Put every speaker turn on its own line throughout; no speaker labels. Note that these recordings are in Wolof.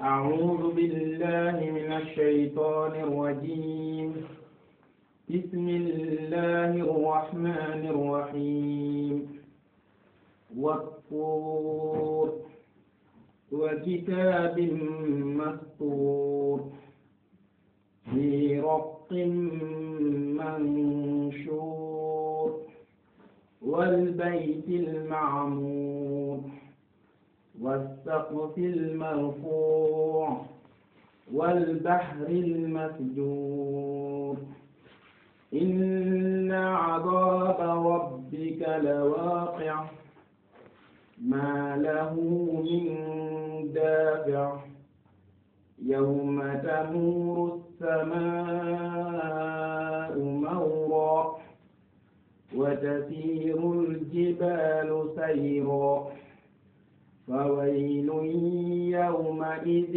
أعوذ بالله من الشيطان الرجيم بسم الله الرحمن الرحيم والطور وكتاب مسطور في رق منثور والبيت المعمور والسقف المرفوع والبحر المسجور إن عذاب ربك لواقع ما له من دافع يوم تمور السماء وتسير الجبال سيرا فويل يومئذ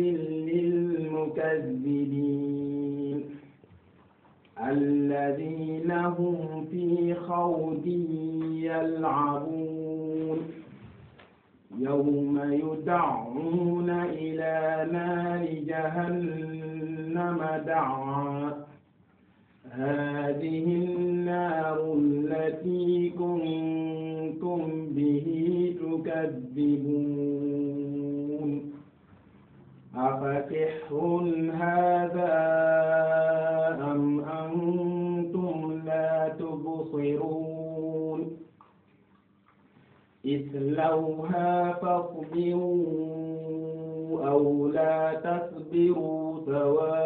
للمكذبين الذين هم في خوض يلعبون يوم يدعون إلى نار جهنم دعا هذه النار التي كنتم به تكذبون أفسحر هذا أم أنتم لا تبصرون اصلوها فاصبروا أو لا تصبروا سواء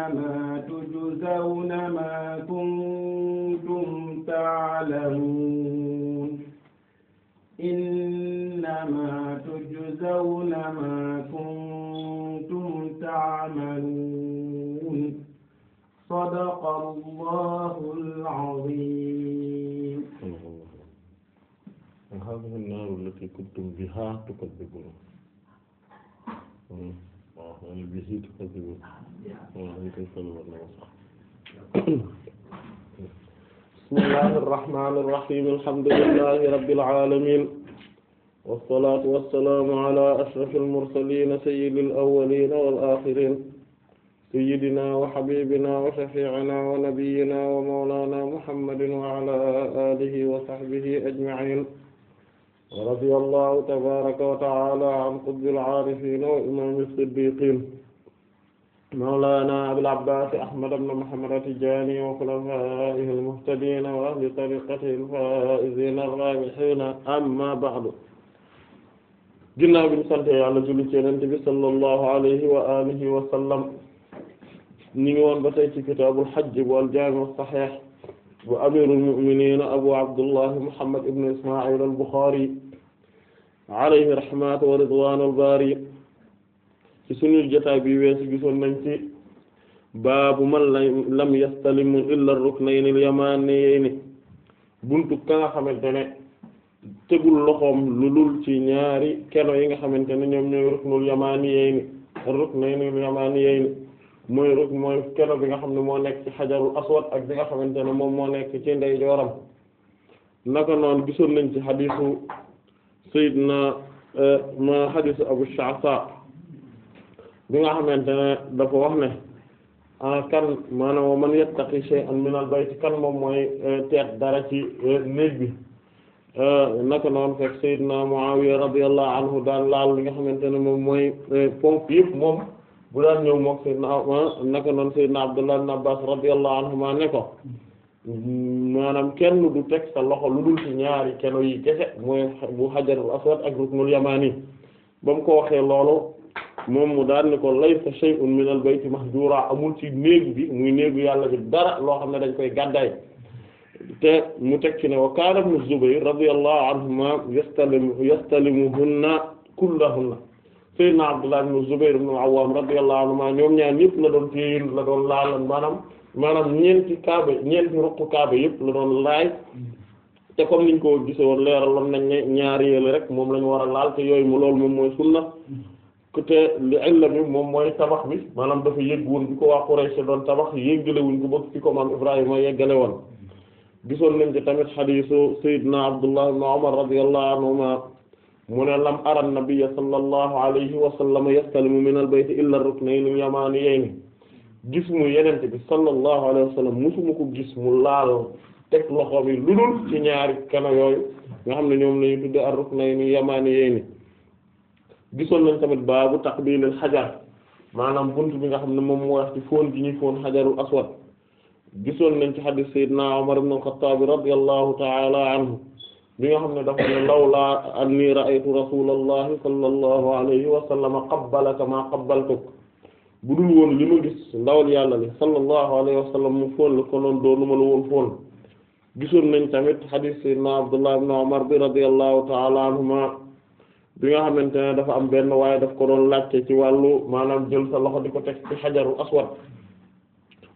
إنما تجزون ما كنتم تعلمون إنما تجزون ما كنتم تعملون صدق الله العظيم
هذه النار التي كنتم بها تكذبون wala bisi tukazzibuun moom lañ koy sëlmal na ma sax bismillahi irrahmani irrahim alhamdulillahi rabbil alamin wassalatu wassalaamu ala ashraf almursalin sayyidi alawalin wal axirin sayyidina wa habibina wa shafi'ina wa nabiyyina wa mawlana muhammadin wa ala alihi wa sahbihi ajma'in radi allahu tabaraka wa taala an qutbil aarifin wa imam siddiqin mawlana abul abbas ahmad ibn muhammad at-tijani wa khulafaihi al-muhtadin wa ahli tariqatihi al-faizin ar-rabihin amma ba'du ginnaaw bi ñu sante yàlla julli ci yonent bi sallallahu alayhi wa alihi wa sallam ñu ngi woon ba tey ci kitaabul hajj wal jaami' as-sahih wa amirul mu'minin abu abdullah muhammad ibn isma'il al-bukhari alayhi rahmatu wa ridwanul bari ci sunu jotaay bi weesu gisoon nañ ci baabu man lam yastalim illa ar-ruknayni al-yamaniyayni buntu ka xamante ne tegul loxoom lu ci ñaari keno yi nga xamante ne ñoom ñooy ruknul yamaniyayni ar-ruknayni mooy rek mooy keno bi nga xam ne moo nekk ci xajarul aswad ak bi nga xamante ne moom moo nekk ci ndeyjooram naka noon gisoon nañ ci xadiisu sayyidna eh, ma xadiisu abu sha'sa bi nga xamante ne dafa wax ne ah, kan maanaam man yattaqi shay'an min al-bayt moom mooy eh, teet dara ci eh, néeg bi naka noonu fekk sayyidna muawiya radiyallahu anhu daan laal li nga xamante ne moom mooy pompe yëpp moom bu daan ñëw mook sayyidna naka noon sayyidna Abdullah ibn Abbas ne ko maanaam kenn du teg sa loxo lu dul ci ñaari keno yi kese mooy bu hajarul aswad ak ruknul yamani ba ko waxee loolu moom mu daan ne ko laysa shay'un min al bayti mahjura amul ci néegu bi muy néegu yàlla bi dara loo xam ne dañ koy gàddaay te mu teg ci ne wa kaana ibn Zubayr radiyallahu anhuma yastalimu yastalimuhunna kullahunna sayyidna Abdullah ibn Zubayr ibn al-Awwam radiyallahu anhuma ñoom ñaar ñëpp la doon téyil la doon laalan maanaam maanaam ñeenti kaaba ñeenti ruqu kaaba yëpp la doon laay te comme niñ ko gise woon leeraloon nañ ne ñaar yéele rek moom la war a laal te yooyu mu loolu moom mooy sunna te li illa bi moom mooy tabax bi maanaam dafa yëgg woon bi ko waa Quraysh doon tabax yéggalewuñ ko bëgg ci ko maam Ibrahima yeggale woon gisoon nañ ci tamit xadiisu sayyidna Abdullah ibn Umar mu ne lam ara nabiyya sallallahu alayhi wa sallam yastalimu min al bayt illa ar-ruknayn al-yamaniyayni gis mu yenente bi sallallahu alayhi wa sallam musuma ko gis mu laal teg loxo bi lu dul ci ñaari kana yooyu nga xam ne ñoom lañu tudde ar-ruknayn al-yamaniyayni gisoon nañ tamit baabu taqbil al-hajar maanaam bunt bi nga xam ne moom moo wax ci foon gi ñuy foon xajarul aswad gisoon nañ ci hadith sayyidina Umar ibn al radiyallahu ta'ala anhu bi nga xam ne dafa ne lawlaa anni ra'aytu rasulallahi sallallahu alayhi wa sallama qabbalaka ma qabbaltuk bu dul woon li ma gis ndawal yàlla li sallallahu alayhi wa sallam mu foon la konoon doonu ma la woon foon gisoon nañ tamit xadiis sayyidina Abdullah ibn Umar bi radiyallahu ta'ala anhuma bi nga xamante ne dafa am benn waaye daf ko doon laajte ci wàllu maanaam jël sa loxo di ko teg ci xajaru aswad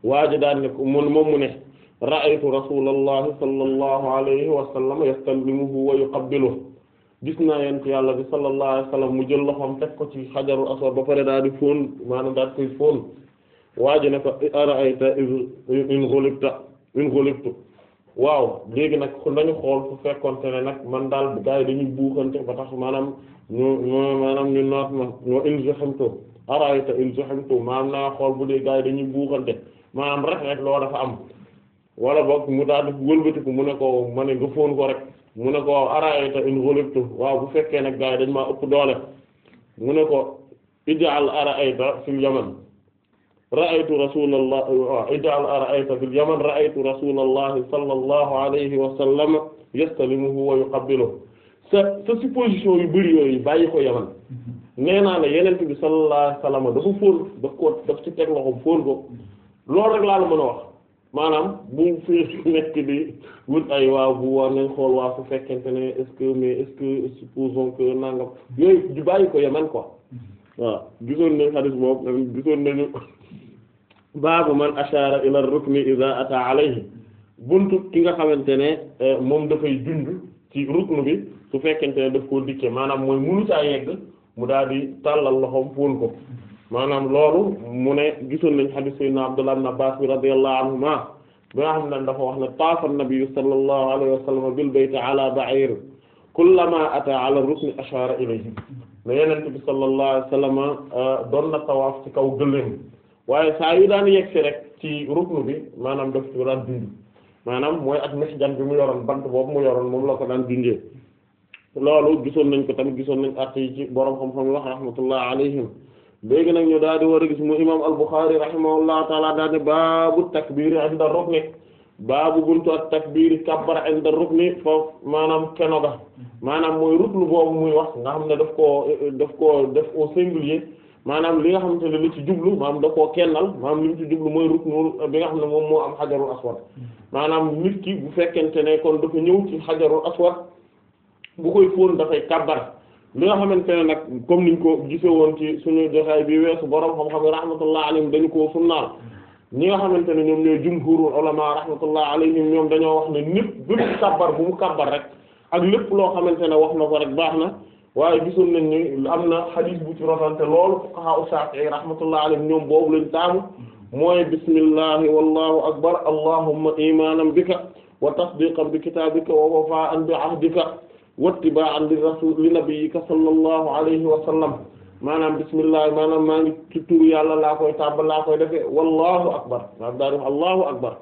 waaji daan mun moom mu ne ra'aytu rasulallahi sallallahu alayhi wa sallam yastanlimuhu wa yuqabbiluhu gis naa yent yàlla bi sallallahu alayhi wa mu jël loxoom teg ko ci xajarul aswad ba pare daal di fóon maanaam daal koy waa ji ne ko ara'ayta waaw léegi nag dañu xool fu fekkonte ne nag man daal gars yi dañuy buuxante ba tax maanaam ñu maanaam ñu noot ma ñoo in zuhimtu ara'ayta in zuhimtu xool bu dee gars yi dañuy buuxante maanaam rek rek loo am wala boo mu daal di wëlbatiku mu ne ko ma ne nga fóon ko rek mu ne ko waaw araayta in ghulibtu waaw bu fekkee nag gars yi dañ maa ëpp doole mu ne ko ij'al araayta fil yaman ra'aytu rasulallah ij'al araayta fil yaman ra'aytu rasulallahi sallallahu alayhi wa sallam yastalimuhu wa yuqabbiluhu sa sa supposition yu bëri yooyu bàyyi ko yaman nee naa la yeneen bi sallallahu alayhi dafa fóon daf ko daf ci teg loxoom fóon ko loolu rek laa la mën a wax maanaam bu fi nekk di wut ay waaw bu war nañ xool waa su fekkente ne est-ce que mais est-ce que supposons que yooyu di bàyyi ko yeman quoi waaw gisoon nañ xadis boobu gisoon nañu baabu man ashara ila rukni idha ata alayhi buntu ki nga xamante ne euh, moom dafay junj ci ruknu bi su fekkente ne daf koo dikke maanaam mooy munu caa yegg mu daal di tàllal loxoom fóon ko maanaam loolu mu ne gisoon nañ xadiis sayyidina Abdullah ibn Abbas bi radiyallahu anhuma bi nga xam ne dafa wax ne taafa an-nabiyyu sallallahu alayhi wa sallam bil bayti ala ba'ir kullama ata ala rukni ashara ilayhi ne yenent bi sallallahu alayhi wa sallam euh, doon na tawaaf ci kaw gëléem waaye saa yu daan yegg si rek ci ruknu bi maanaam daf ci daan dindi maanaam mooy ak mihjan bi mu yoroon bant boobu mu yoroon moom la ko daan dindee loolu gisoon nañ ko tamit gisoon nañ at yi ci boroom xam-xam yi wax léegi nag ñu daal di war a gis mu imam al-Bukhari rahimahullahu taala daal ne baabu takbiri inda rukni baabu buntu ak takbiri kabbara inda rukni foofu maanaam keno ga maanaam mooy ruknu boobu muy wax nga xam ne daf koo def ko def au singulier maanaam li nga xamante ne li ci jublu maanaam da koo kennal maanaam li mu ci jublu mooy ruknu bi nga xam ne moom moo am xajarul aswad maanaam nit ki bu fekkente ne kon dafa ñëw ci xajarul aswad bu koy fóon dafay kabbara li nga xamante ne nag comme niñ ko gise woon ci suñu jotaay bi weesu borom xam-xam rahmatullah alayhim dañu koo sunnaal ñi nga xamante ne ñoom ñooy jumhurul ulama rahmatullah alayhim ñoom dañoo wax ne ñépp bépp kàbbar mu kàbbar ak lépp loo xamante ne wax na ko rek baax na waaye gisoon nañ ni am na xadiis bu ci rotante loolu fuqaha u Shaafi'i rahmatullah alayhim ñoom boobu lañ taamu mooy bismillahi wallahu akbar allahumma imanan bika wa tasdiqan bi kitabika wa wafa'an bi ahdika wattiba'an li rasul li nabiyyika sallallahu alayhi wa sallam maanaam bismillah maanaam maa ngi ci turu yàlla laa koy tàmbal laa koy defee wallahu akbar maanaam daa allahu akbar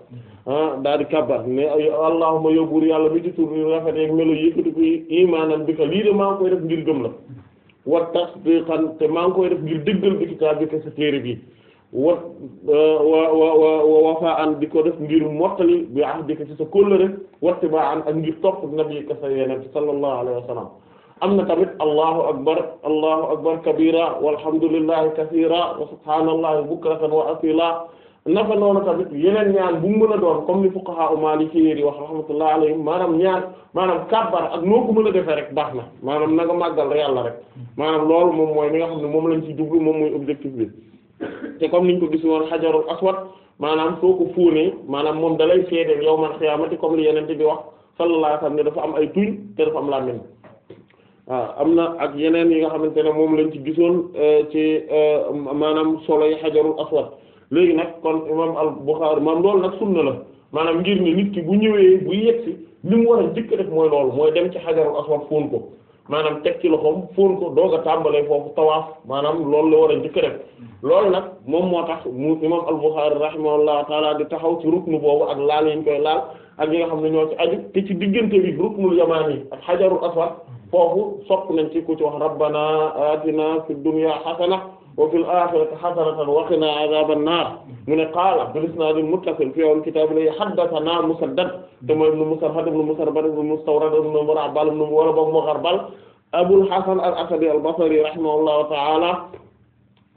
ah, daa mi ci turu melo yëkkati ko imaanam bi lii de maa ngi koy def la wa tasdiqan te maa ngi bi wa wa wa wa wafaan di ko def ngir mottali bi ahdika ci sa kóllëre wattibaan ak ngir topp nabi ka sa yeneen sallallahu alayhi wa sallam am na tamit allahu akbar allahu akbar kabira walhamdulillahi kasira wa subhaanallahi bukratan wa asila naka noonu tamit yeneen ñaan bu mu mën a doon comme ni fuqaha maliki yi wax rahmatullahi alayhim maanaam ñaan maanaam kàbbar ak noo ko mën a defee rek baax na maanaam na nga màggal yàlla rek maanaam loolu moom mooy li nga xam ne moom lañ ci jublu moom mooy objectif bi te comme niñ ko gis woon xajarul aswad maanaam soo ko fóonee maanaam moom dalay seedeel yawmal xiyaamati comme li yenente bi wax sallallahu alayhi wasallam ne dafa am ay tuñ te dafa am làmmiñ waaw am na ak yeneen yi nga xamante ne moom lañ ci gisoon euh, ci euh, maanaam solo yi xajarul aswad léegi nag kon imam al Bukhari maam loolu nag sunna la maanaam ngir ne nit ki bu ñëwee bu yegsi li mu war a jëkk def mooy loolu mooy dem ci xajarul aswad fóon ko maanaam teg ci loxoom fóon ko doog a tàmbalee foofu tawaaf maanaam loolu la war a njëkk def loolu nag moom moo tax mu imam al-Bukhârî rahimahullahu taala di taxaw ci ruknu boobu ak laal yi ñu koy laal ak yi nga xam ne ñoo ci aju te ci diggante bi ruknul yamaani ak xajarul aswad foofu sopp nañ ci ku ci wax rabbana atina fid dunya hasana wa fil aaxirati hasanatan wa qinaa azaaban naar mu ne qaala bil isnaadil muttasil fii awwal kitaab li haddathanaa Musaddad te mooy ibn Musarhad ibn Musarbal ibn Mustawrad ibn Murabal ibn Mugharbal Abul Hasan al-Asadi al-Basri rahimahullahu ta'ala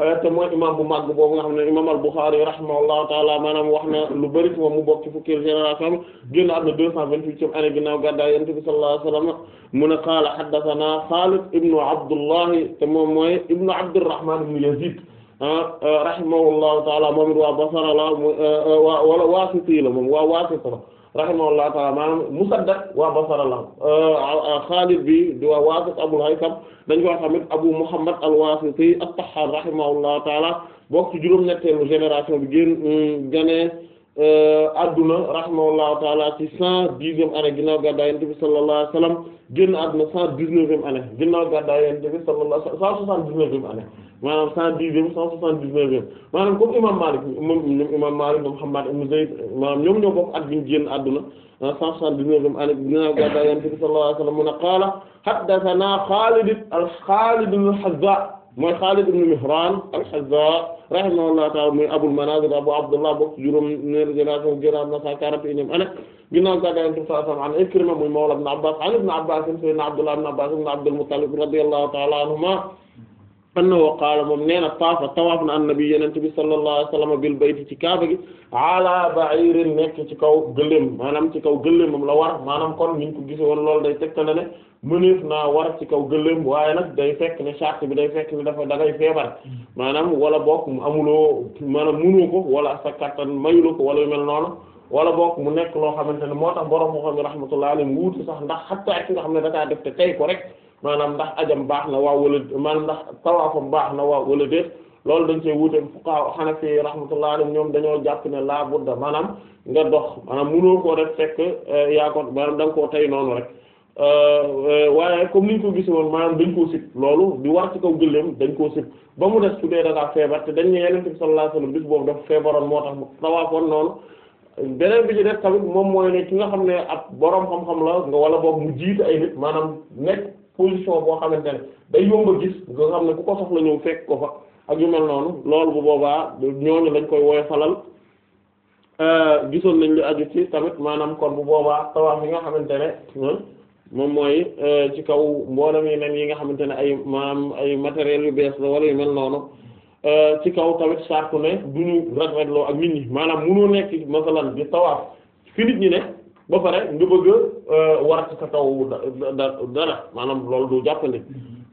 Euh, te mooy imam bu màgg boobu nga xam ne imam al-Bukhari rahimahullahu taala maanaam wax na lu bari ci moom mu bokk ci fukkeel génération bi génn am na deux cent vingt-huitième année ginnaaw gàddaay Yonent bi sallallahu alayhi wa sallam mu ne qaala haddathana Xaalid ibnu Abdullahi te moom mooy ibnu Abdurrahman ibnu Yazid ah, euh, rahimahullahu taala moom it waa Basra la euh, waa wala Waasiti la moom waa Waasiti la rahimahullah taala maanaam Musaddad waa Basra la euh, Xaalid bi di waa Waasit Abul Haytham dañ ko xamit Abu Muhammad al-Wasiti at-Tahhan rahimahullah taala bokk ci juróom-ñetteelu génération bi génn mm, ganee Euh, adduna rahimahullahu taala ci cent dixième année ginnaaw gàddaay yonent bi sallallahu alayhi wasallam génn adduna cent dix-neuvième année ginnaaw gàddaay yonent bi sallallahu alayhi wasallam cent soixante-dix-neuvième année maanaam cent dixième cent soixante-dix-neuvième maanaam comme imam Malik moom ñoom imam Malik Muhammad ibn Zayd maanaam ñoom ñoo bokk at bi adduna ah, cent soixante-dix-neuvième année ginnaaw gàddaay yonent bi sallallahu alayhi wasallam Khalid al-Khalid al-Hazza mooy Xaalid ibn Mihraan al-Hazza rahimahullahu ta'ala muy Abul Manaazir Abu Abdullah bokk juróom ñeenti génération général na cent quarante et unième année ginnaaw ga dayen tib sallallahu alayhi wa sallam an Ikrima muy mawla ibn Abbaas an ibn Abbaas sayyidina Abdullah ibn Abbaas ibn Abdul Muttalib radiyallahu ta'ala anhuma annahu qaala moom nee na taafa tawaaf na an nabi yenente bi sallallahu alayhi wasallam bil bayti ci kaaba gi ala ba'irin nekk ci kaw gëléem maanaam ci kaw moom la war maanaam kon ñu ko gise woon loolu day tegtale ne mëneef naa war ci kaw gëléem waaye nag day fekk ne charte bi day fekk ne dafa dangay ngay feebar maanaam wala boog mu amuloo maanaam munoo ko wala sa kattan mayuloo ko wala yu mel noonu wala bokk mu nekk loo xamante ne moo tax borom moo xam ne rahmatullahi alayhi mu wuuti sax ndax xattaa ki nga xam ne da def te tey ko rek maanaam ndax ajam baax na waaw wala maanaam ndax tawaafam baax na waaw wala déet loolu dañ cee wuute fuqaha hanafi rahmatullahi alayhim ñoom dañoo jàpp ne laa budda maanaam nga dox maanaam mënoo koo def fekk eh, yaa ko maanaam da ko koo tey noonu rek eh, eh, waaye comme niñ ko gis woon maanaam dañ koo sib loolu di war ci kaw gëléem dañ koo sib ba mu des su dee da ngaa feebar te dañ ne Yonent bi sallallahu alayhi wasallam bis boobu dafa feebaroon moo tax mu tawaafoon noonu beneen bi ci def tamit moom mooy ne ki nga xam ne ab boroom xam la wala boobu mu jiite ay maanaam position boo xamante ne day yomb a gis nga xam ne ku ko soxla ñëw fekk ko fa ak yu mel noonu loolu bu boobaa ñooñu lañ koy woyofalal euh, gisoon nañ lu aju ci tamit maanaam kon bu boobaa tawaaf yi nga xamante ne moom mooy euh, ci kaw mboolem yeneen yi nga xamante ne ay maanaam ay matériels yu bees la wala yu mel noonu euh, ci kaw tamit sartu ne du ñu rag-ragloo ak nit ñi maanaam mënoo nekk masalan di tawaaf fi nit ñi ne. ba pare nga bëgg a euh, war ci sa kaw dara maanaam loolu du jàppandi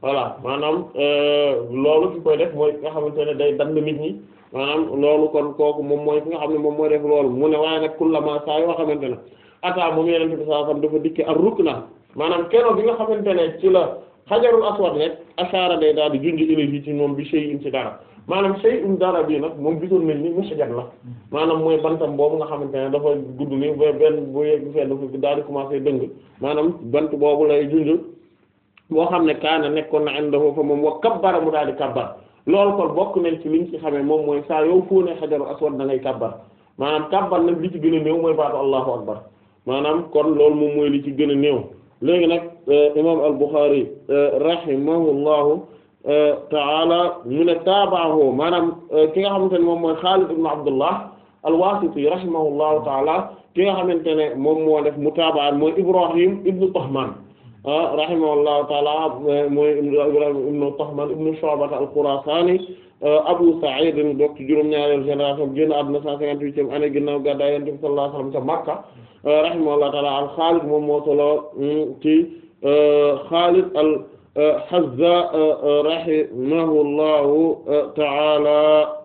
voilà maanaam euh, loolu ki def mooy ki xamante ne day dand nit ñi maanaam loolu kon kooku moom mooy ki nga xam ne moom mooy def loolu mu ne waaye nag kullama saa yoo xamante ne ataa moom yeneen bi saa xam dafa dikki ar rukna maanaam keno bi nga xamante ne ci la xajarul aswad nekk ashaara day daal di junj élégi ci moom bi shay in ci dara maanaam shay'un dara bii nag moom gisoon nañ ni mushajat la maanaam mooy bantam boobu nga xamante ne dafa gudd ni ba benn bu yegg fenn dafa daal di commencé dëng maanaam bant boobu lay junj boo xam ne kaana nekkoon na indahu fa moom wa kabbara mu daal di kabbar loolu kon bokk nañ ci liñ ci xamee moom mooy saa yow foo ne xajaru aswad da ngay kabbar maanaam kabbar nag li ci gën a néew mooy baatu allahu akbar maanaam kon loolu moom mooy li ci gën a néew léegi nag euh, imaam al-Bukhari euh, rahimahullahu taala mu ne taabaahu maanaam euh, ki nga xamante ne moom mooy Xaalid ibn Abdullah al-Wasiti rahimahullahu taala ki nga xamante ne moom moo def mutaabaan mooy Ibrahim ibn Tahman ah, rahimahullahu taala mooy Ibrahim ibn Tahman ibn Shu'ba al-Khurasani euh, Abu Sa'id bokk ci juróom-ñaareelu génération génn àdduna 158e année ginnaaw gàddaay Yonent bi sallallahu alayhi wa sallam ca Makka euh, rahimahullahu taala al-Xaalid moom moo solo mm, ci Xaalid al Hazza rahimahullahu ta'ala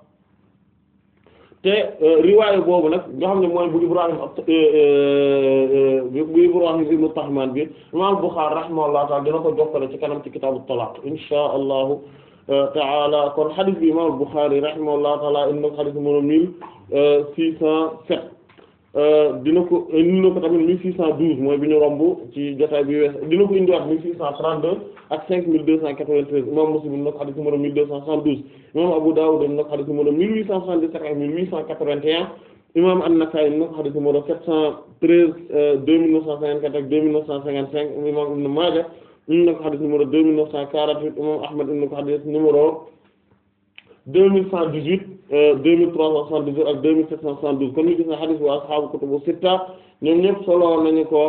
te riwaayu boobu nag nga xam ne mooy bu Ibrahim eh, eh, eh, bu Ibrahim ibnu Tahman bi imaam Bukhari rahimahullahu ta'ala dina ko jokkale ci kanam ci kitaabu talaaq inshaa Allahu ta'ala kon xadis bi imaam Bukhari rahimahullahu ta'ala indi na ko xadis numéro mille six cent sept Euh, dina ko indi na ko tamit mille six cent douze mooy bi ñu romb ci jotaay bi wees dina ko indiwaat mille six cent trente-deux ak cinq mille deux cent quatre-vingt-treize imam Muslim i xadis numéro mille deux cent soixante-douze imam Abu Dawud i xadis numéro mille huit cent soixante-dix-sept ak mille huit cent quatre-vingt-un imam An-Nasa'i xadis numéro sept cent treize euh, deux mille neuf cent cinquante-quatre ak deux mille neuf cent cinquante cent quarante-huit xadis numéro deux mille cent dix-huit euh, deux mille trois cent soixante-dix-huit ak deux mille sept cent soixante-douze kon ñu gis ne hadith wa ashaabu kutubu sitta ñoom ñëpp solo nañu ko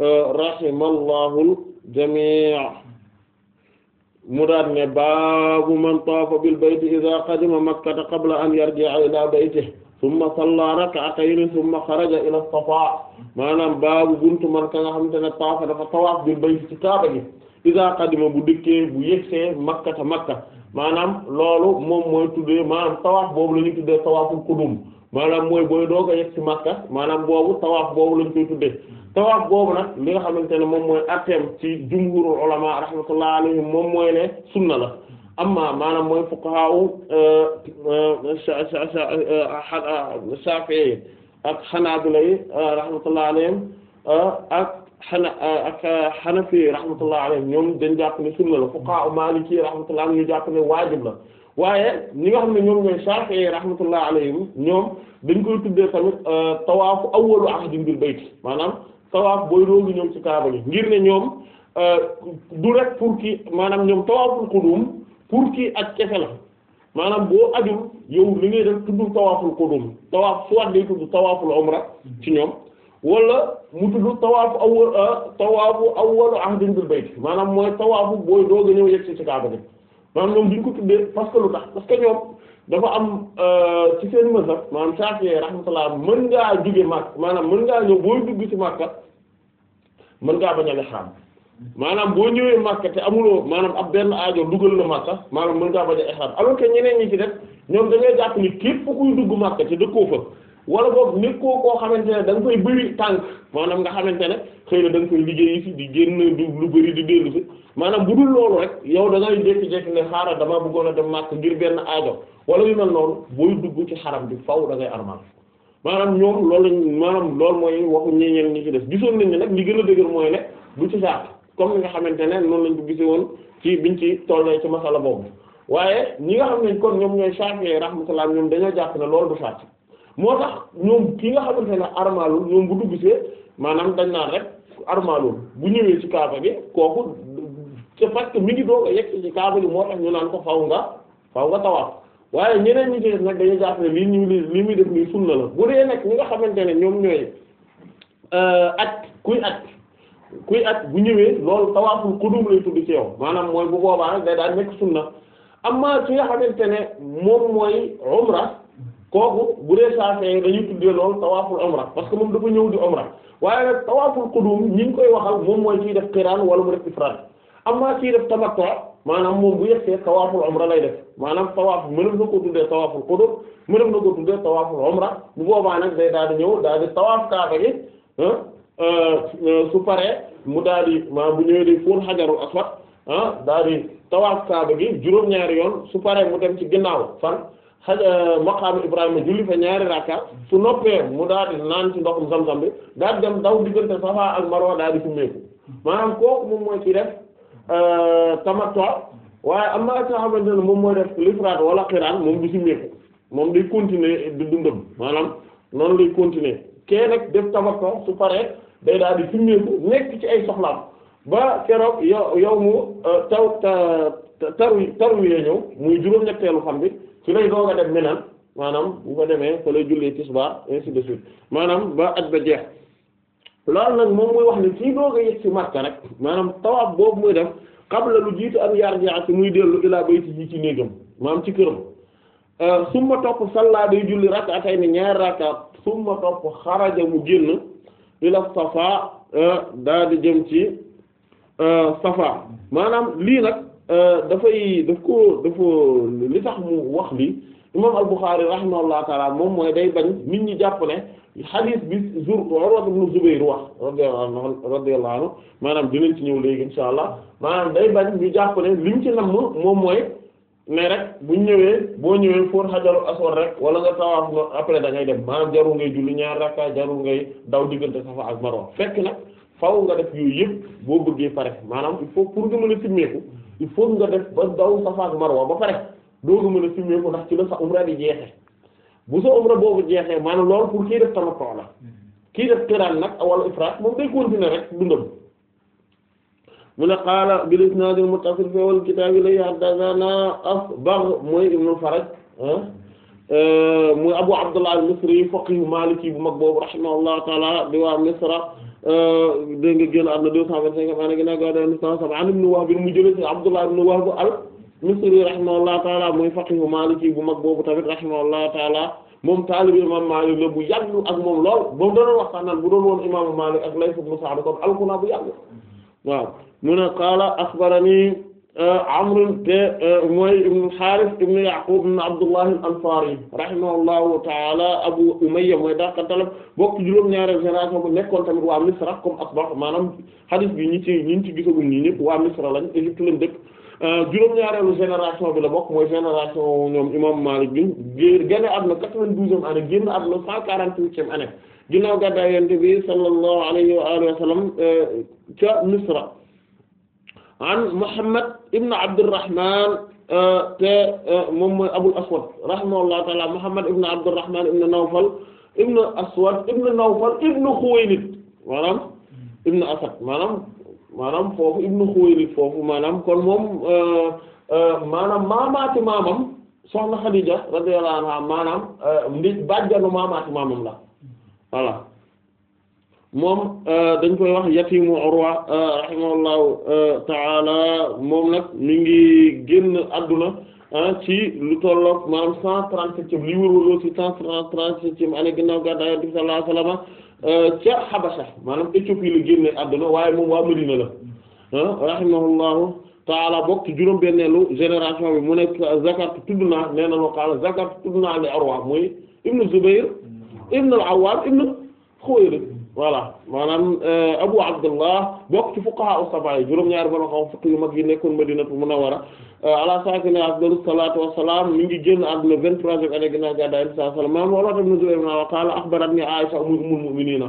euh, rahimallahu jamii mu daat ne baabu man taafa bil bayti idha qadima makkata qabla an yarji'a ila baytihi thumma salla rak'atayn thumma kharaja ila as-safa maanaam baabu buntu man ka nga xamante ne taafa dafa tawaaf bil bayti ci kaaba gi idha qadima bu dëkkee bu yegsee makkata makka maanaam loolu moom mooy tuddee maanaam tawaaf boobu la ñuy tuddee tawaaful qudum maanaam mooy booy doog a yegg ci Makka maanaam boobu tawaaf boobu lañ koy tuddee tawaaf boobu nag li nga xamante ne moom mooy atteem ci jumhurul ulama rahmatullahi alayhim moom mooy ne sunna la amma maanaam mooy fuqaha Shafi'i ak Hanabila yi rahmatullahi alayhim ak xana eh, ak xanafi eh, rahmatullah alayhi ñoom dañ jàpp ne sunna la fuqaha maliki rahmatullah ñu jàpp ne waajib la waaye ñi nga xam ne ñoom ñooy shafi'i rahmatullah alayhim ñoom dañ koy tuddee tamit eh, tawaafu awwalu ahdin bil bayt maanaam tawaaf booy doogu ñoom ci kaaba gi ngir ne ñoom du rek pour ki maanaam ñoom tawaaful qudum pour ki ak kese la maanaam boo aju yow li ngay def tudd tawaaful qudum tawaaf soit day tudd tawaaful umra ci ñoom wala mu tudd tawaafu awwal ah, tawaafu awwalu ahdin bil bayt maanaam mooy tawaafu booy doog a ñëw yegg si ci kaaba bi maanaam ñoom duñ ko tuddee parce lu tax parce que ñoom dafa am ah, ci seen mazhab maanaam Shafi'i rahmatullah mën ngaa jóge Makka maanaam mën ngaa ñëw booy dugg ci Makka mën ngaa bañ a ihraam maanaam boo ñëwee Makka te amuloo maanaam ab benn aajo dugal na Makka maanaam mën ngaa bañ a ihraam alors que ñeneen ci def ñoom dañoo jàpp ni képp kuy dugg Makka te dëkkoo wala boog nekkoo koo koo xamante ne da nga koy bëri tànk maanaam nga xamante ne xëy na da koy liggéey si di génn du lu bëri di dellu si maanaam bu dul loolu rek yow da ngay jékki-jékki ne damaa bëggoon a dem màkk ngir benn aajo wala yu mel noonu booy dugg ci xaram bi faaw da ngay armal maanaam ñoom loolu lañ maanaam loolu mooy waxu ñeñeen ñi ci def gisoon nañ ne nag li gën a mooy ne du ci saat comme nga xamante ne noonu lañ ko gisee woon ci biñ ci tollee ci masala boobu waaye ñi nga xam ne kon ñoom ñooy Shafi'i rahmatullah ñoom dañoo jàpp ne loolu du faat moo tax ñoom ki nga xamante ne armaalul ñoom bu dugg see maanaam dañ naan rek armaalul bu ñëwee ci kaaba bi kooku c'est parce que mi ngi doog a yegg ci kaaba bi moo tax ñu naan ko faw nga faw nga tawaaf waaye ñeneen ñi ci def nag dañuy jàpp ne lii ñu li muy def nii sunna la bu dee nag ñi nga xamante ne ñoom ñooy euh, at kuy at kuy at bu ñëwee loolu tawaaful qudum lay tudd ci yow maanaam mooy bu boobaa nag day daal nekk sunna amma ci nga xamante ne moom kooku bu dee saafee dañuy tuddee loolu tawaaful umra parce que moom dafa ñëw di umra waaye nag tawaaful qudum ñi ngi koy waxal moom mooy ciy def qiraan wala mu def ifraad amma ciy def tamattu maanaam moom bu yegsee tawaaful umra lay def maanaam tawaaf mënef na ko tuddee tawaaful qudum mënef na ko tuddee tawaaful umra bu boobaa nag day daal di ñëw daal di tawaaf kaaba gi ah, ah, su pare mu daal di maa bu ñëwee di fóon xajarul aswad ah, daal di tawaaf kaaba gi juróom-ñaari yoon su paree mu dem ci ginnaaw fan xaj maqaamu Ibrahima julli fa ñaari rakka su noppee mu daal di naan ci ndoxum Zamzam bi daal di dem daw diggante Safa ak Marwa daal di summeeku maanaam kooku moom mooy ci def euh, tamattu waaye am na nga xamante ne moom mooy def ifraad wala xiraan moom du summeeku moom day continuer di dundam maanaam noonu lay continuer kee nag def tamattu su paree day daal di summeeku nekk ci ay soxlaam ba keroog yow yow mu euh, taw taru taru yee ñëw muy juróom-ñetteelu bi. ci lay doog a dem Minan maanaam bu ko demee fa lay jullee tisbaar ainsi de suite maanaam ba at ba jeex loolu nag moom muy wax ne kii doog a yegg ci Makka rek maanaam tawaab boobu muy def qabla lu jiitu am yarji'a ci muy dellu ilaa bayti ji ci néegam maanaam ci këram euh, summa topp salla day julli rak'atayn ñaari rak'at summa topp xaraja mu génn ila Safa euh, daa di jëm ci euh, Safa maanaam lii nag. Euh, dafay daf ko dafa li tax mu wax li imam al-Bukhari rahimahullah taala moom mooy day bañ nit ñi jàpp ne xadiis bi zur Urwa ibn Zubayr wax radiyallahu anhu maanaam dinañ ci ñëw léegi insha allah maanaam day bañ ñu jàpp ne li ñu ci namm moom mooy ne rek bu ñëwee boo ñëwee fóor xajaru aswad rek wala nga tawaaf nga après da dem maanaam jarul ngay julli ñaar rakka jarul ngay daw diggante Safa ak Marwa fekk nag faaw nga def yooyu yëpp boo bëggee pare maanaam pour nga mën il faut nga def ba daw Safa ak Marwa ba pare doogu mën a simmeeku ndax ci la sa umra di jeexe bu sa umra boobu jeexee maanaam loolu pour kii def tamattu la kii def qiraan nag wala ifraat moom day continuer rek dundam mu ne qaala bil isnaad al muttasil fi awwal kitaab ilay haddathana Asbagh mooy ibnu Faraj ah, eh, muy Abu Abdullah al-Misri faqih maliki bu mag boobu rahimahullahu ta'ala di waa Misra Euh, dégg nga génn àdduna deux cent vingt-cinq maa na gënaa ga da cent saba an ibn Wahb mu jële ci Abdullah ibn Wahb al-Misri rahimahullahu taala muy faqihu maliki bu mag boobu tamit rahimahullahu taala moom taalibi imam Maalik la bu yàgg ak moom lool moom danoon waxtaan naan bu doon woon imaamu Maalik ak Layth ibn Sa'd kon alku bu yàgg waaw mu ne qaala axbarani Amr te mooy ibn Harith ibn Yaqub ibn Abdullah al-Ansari rahimahullahu ta'ala Abu Umayya mooy dàqantalam bokk juróom-ñaareel génération bu nekkoon tamit waa Misra comme asbax maanaam hadith bi ñi ci ñi ci gisagum ñi i waa Misra lañ Égypte lañ dëkk euh, juróom-ñaareelu génération bi la bokk mooy génération ñoom imam Malik bi génn àdduna quatre-vingt-douzième année génn àdduna cent quarante-huitième année ginnaaw gàddaay Yonent bi sallallahu alayhi wa alihi wa sallam euh, ca Misra an Muhammad ibn Abdurrahman euh, te euh, moom mooy Abul Aswad rahimahullahu ta'ala Muhammad ibn Abdurrahman ibn Nawfal ibn Aswad ibn Nawfal ibn Khuwaylid maanaam ibn Asad maanaam maanaam foofu ibn Khuwaylid foofu maanaam kon moom euh, maanaam maamaati maamam soxna Khadija radiyallahu anha maanaam ndi bàjjanu maamaati maamam la voilà moom euh, dañ koy wax yatimu Urwa euh, rahimahullahu euh, taala moom nag mi ngi génn adduna ci lu tolloog maanaam cent trente-septième li wërwërloo ci cent trente-septième année ginnaaw gàddaay Yonent bi sallallahu alayhi wa sallam ca Habasha maanaam Éthiopie la génne adduna waaye moom waa Madina la rahimahullahu taala bokk juróom-benneelu génération bi mu nekk zakartu tudd naa nee na loo qaala zakartu tudd naa li Urwa mooy ibnu Zubayr ibnu al-Awwam ibnu Xuwaylid voilà maanaam euh, Abu Abdullah bokk ci fuqaha as-sab'a juróom-ñaari borom xam fukk yu mag yi nekkoon Madinatu Munawwara euh, ala saakinihaa afdalu salaatu wa salaam mi ngi génn àdduna vingt-troisième année ginnaaw gàddaay Yonent bi sallallahu alayhi wa sallam maanaam Urwa ibn Zubayr wa qaala axbaratnii Aisha ummul mu'miniina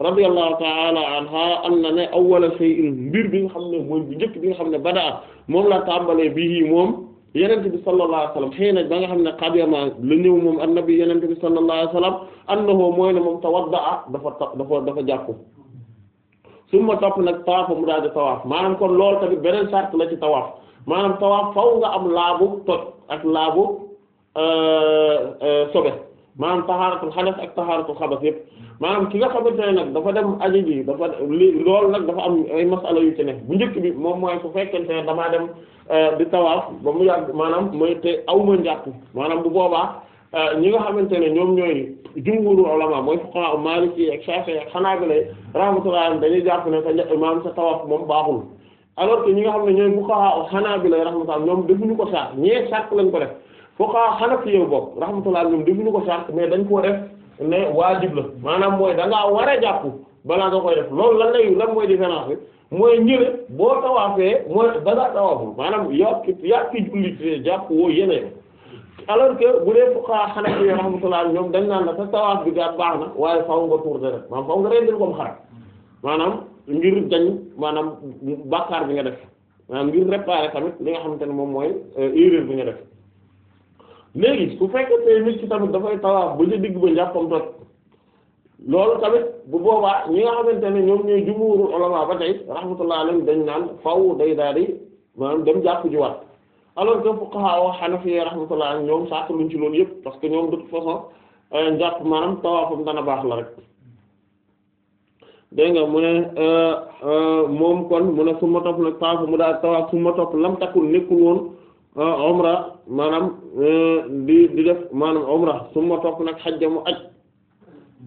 radiyallahu ta'ala anha anna ne awwala shay'in mbir bi nga xam ne mooy bi njëkk bi nga xam ne badaa moom la tàmbalee bii moom. yeneen bi sallallahu alayhi wasallam xëy na ba nga xam ne xadiyama la ñëw moom annabi yenente bi sallallahu alayhi wasallam annahu mooy ne moom tawadda a dafa ta dafa dafa jàpp suma topp nag tawaafa mu daal di tawaaf maanaam kon loolu tamit beneen sart la ci tawaaf maanaam tawaaf faw nga am laabu toj ak laabu euh, euh, sobe maanaam taxaaratul xadas ak taxaaratul xabas yëpp maanaam ki nga xamante ne nag dafa dem aji bi dafa li loolu nag dafa am ay masala yu ne bu njëkk bi moom mooy su fekkente ne damaa dem euh, di tawaaf ba mu yàgg maanaam mooy te aw ma njàpp maanaam bu boobaa euh, ñi nga xamante ne ñoom ñooy jumhuru ulama mooy fuqaha maliki ak shafi'i ak xanaabila rahmatullahi dañuy jàpp ne sa maanaam sa tawaaf moom baaxul alors que ñi nga xam ne ñooy fuqaha xanaabila rahmatullahi ñoom defuñu ko saa ñee sàrt lañ ko def fuqaha hanafi yow bopp rahmatullah ñoom ñu ko sart mais dañ koo def ne waajib la maanaam mooy da ngaa war a jàpp balaa nga koy def loolu lan lay lan mooy différence bi mooy ñële boo tawaafee mooy da ngaa tawaaful maanaam yaa yaa ki jullit jàpp woo yeneen alors bu dee fuqaha hanafi yow ñoom dañ naan la sa tawaaf bi gaat baax na waaye faaw nga tuur deret maanaam faaw nga rendil comme xaram maanaam ngir dañ maanaam bàkkaar bi nga def maanaam ngir réparer tamit li nga xamante ne moom mooy euh, erreur bi nga def léegi su fekkee nit ki tamit dafay tawaaf ba ci digg ba njàppam toj loolu tamit bu boobaa ñi nga xamante ne ñoom ñooy jumhuurul ulama ba tey rahmatullah alayhi dañ naan faww day daal di maanaam dem jàpp ji waat alors que fuqaha wa hanafi rahmatullah alayhi ñoom sax luñ ci loolu yëpp parce que ñoom de toute façon euh, njàpp maanaam tawaafam dana baax la rek dégg mu ne euh, euh, moom kon mu ne su ma topp nag tawaaf mu daal tawaaf su ma topp lam takkul nekkul woon. Ah, umra maanaam eh, di di def maanaam umra suma topp nag xajja mu aj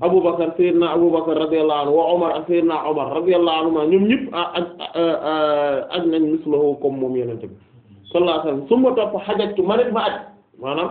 Abubakar Seydina Abubakar radiyallahu anhu wa Omar ak Seydina Omar radiyallahu anhu ma ñoom ñëpp ah, aj ah, aj nañ mislahu comme moom yenente bi sallallahu alayhi wasallam suma topp xajatu manit ma aj maanaam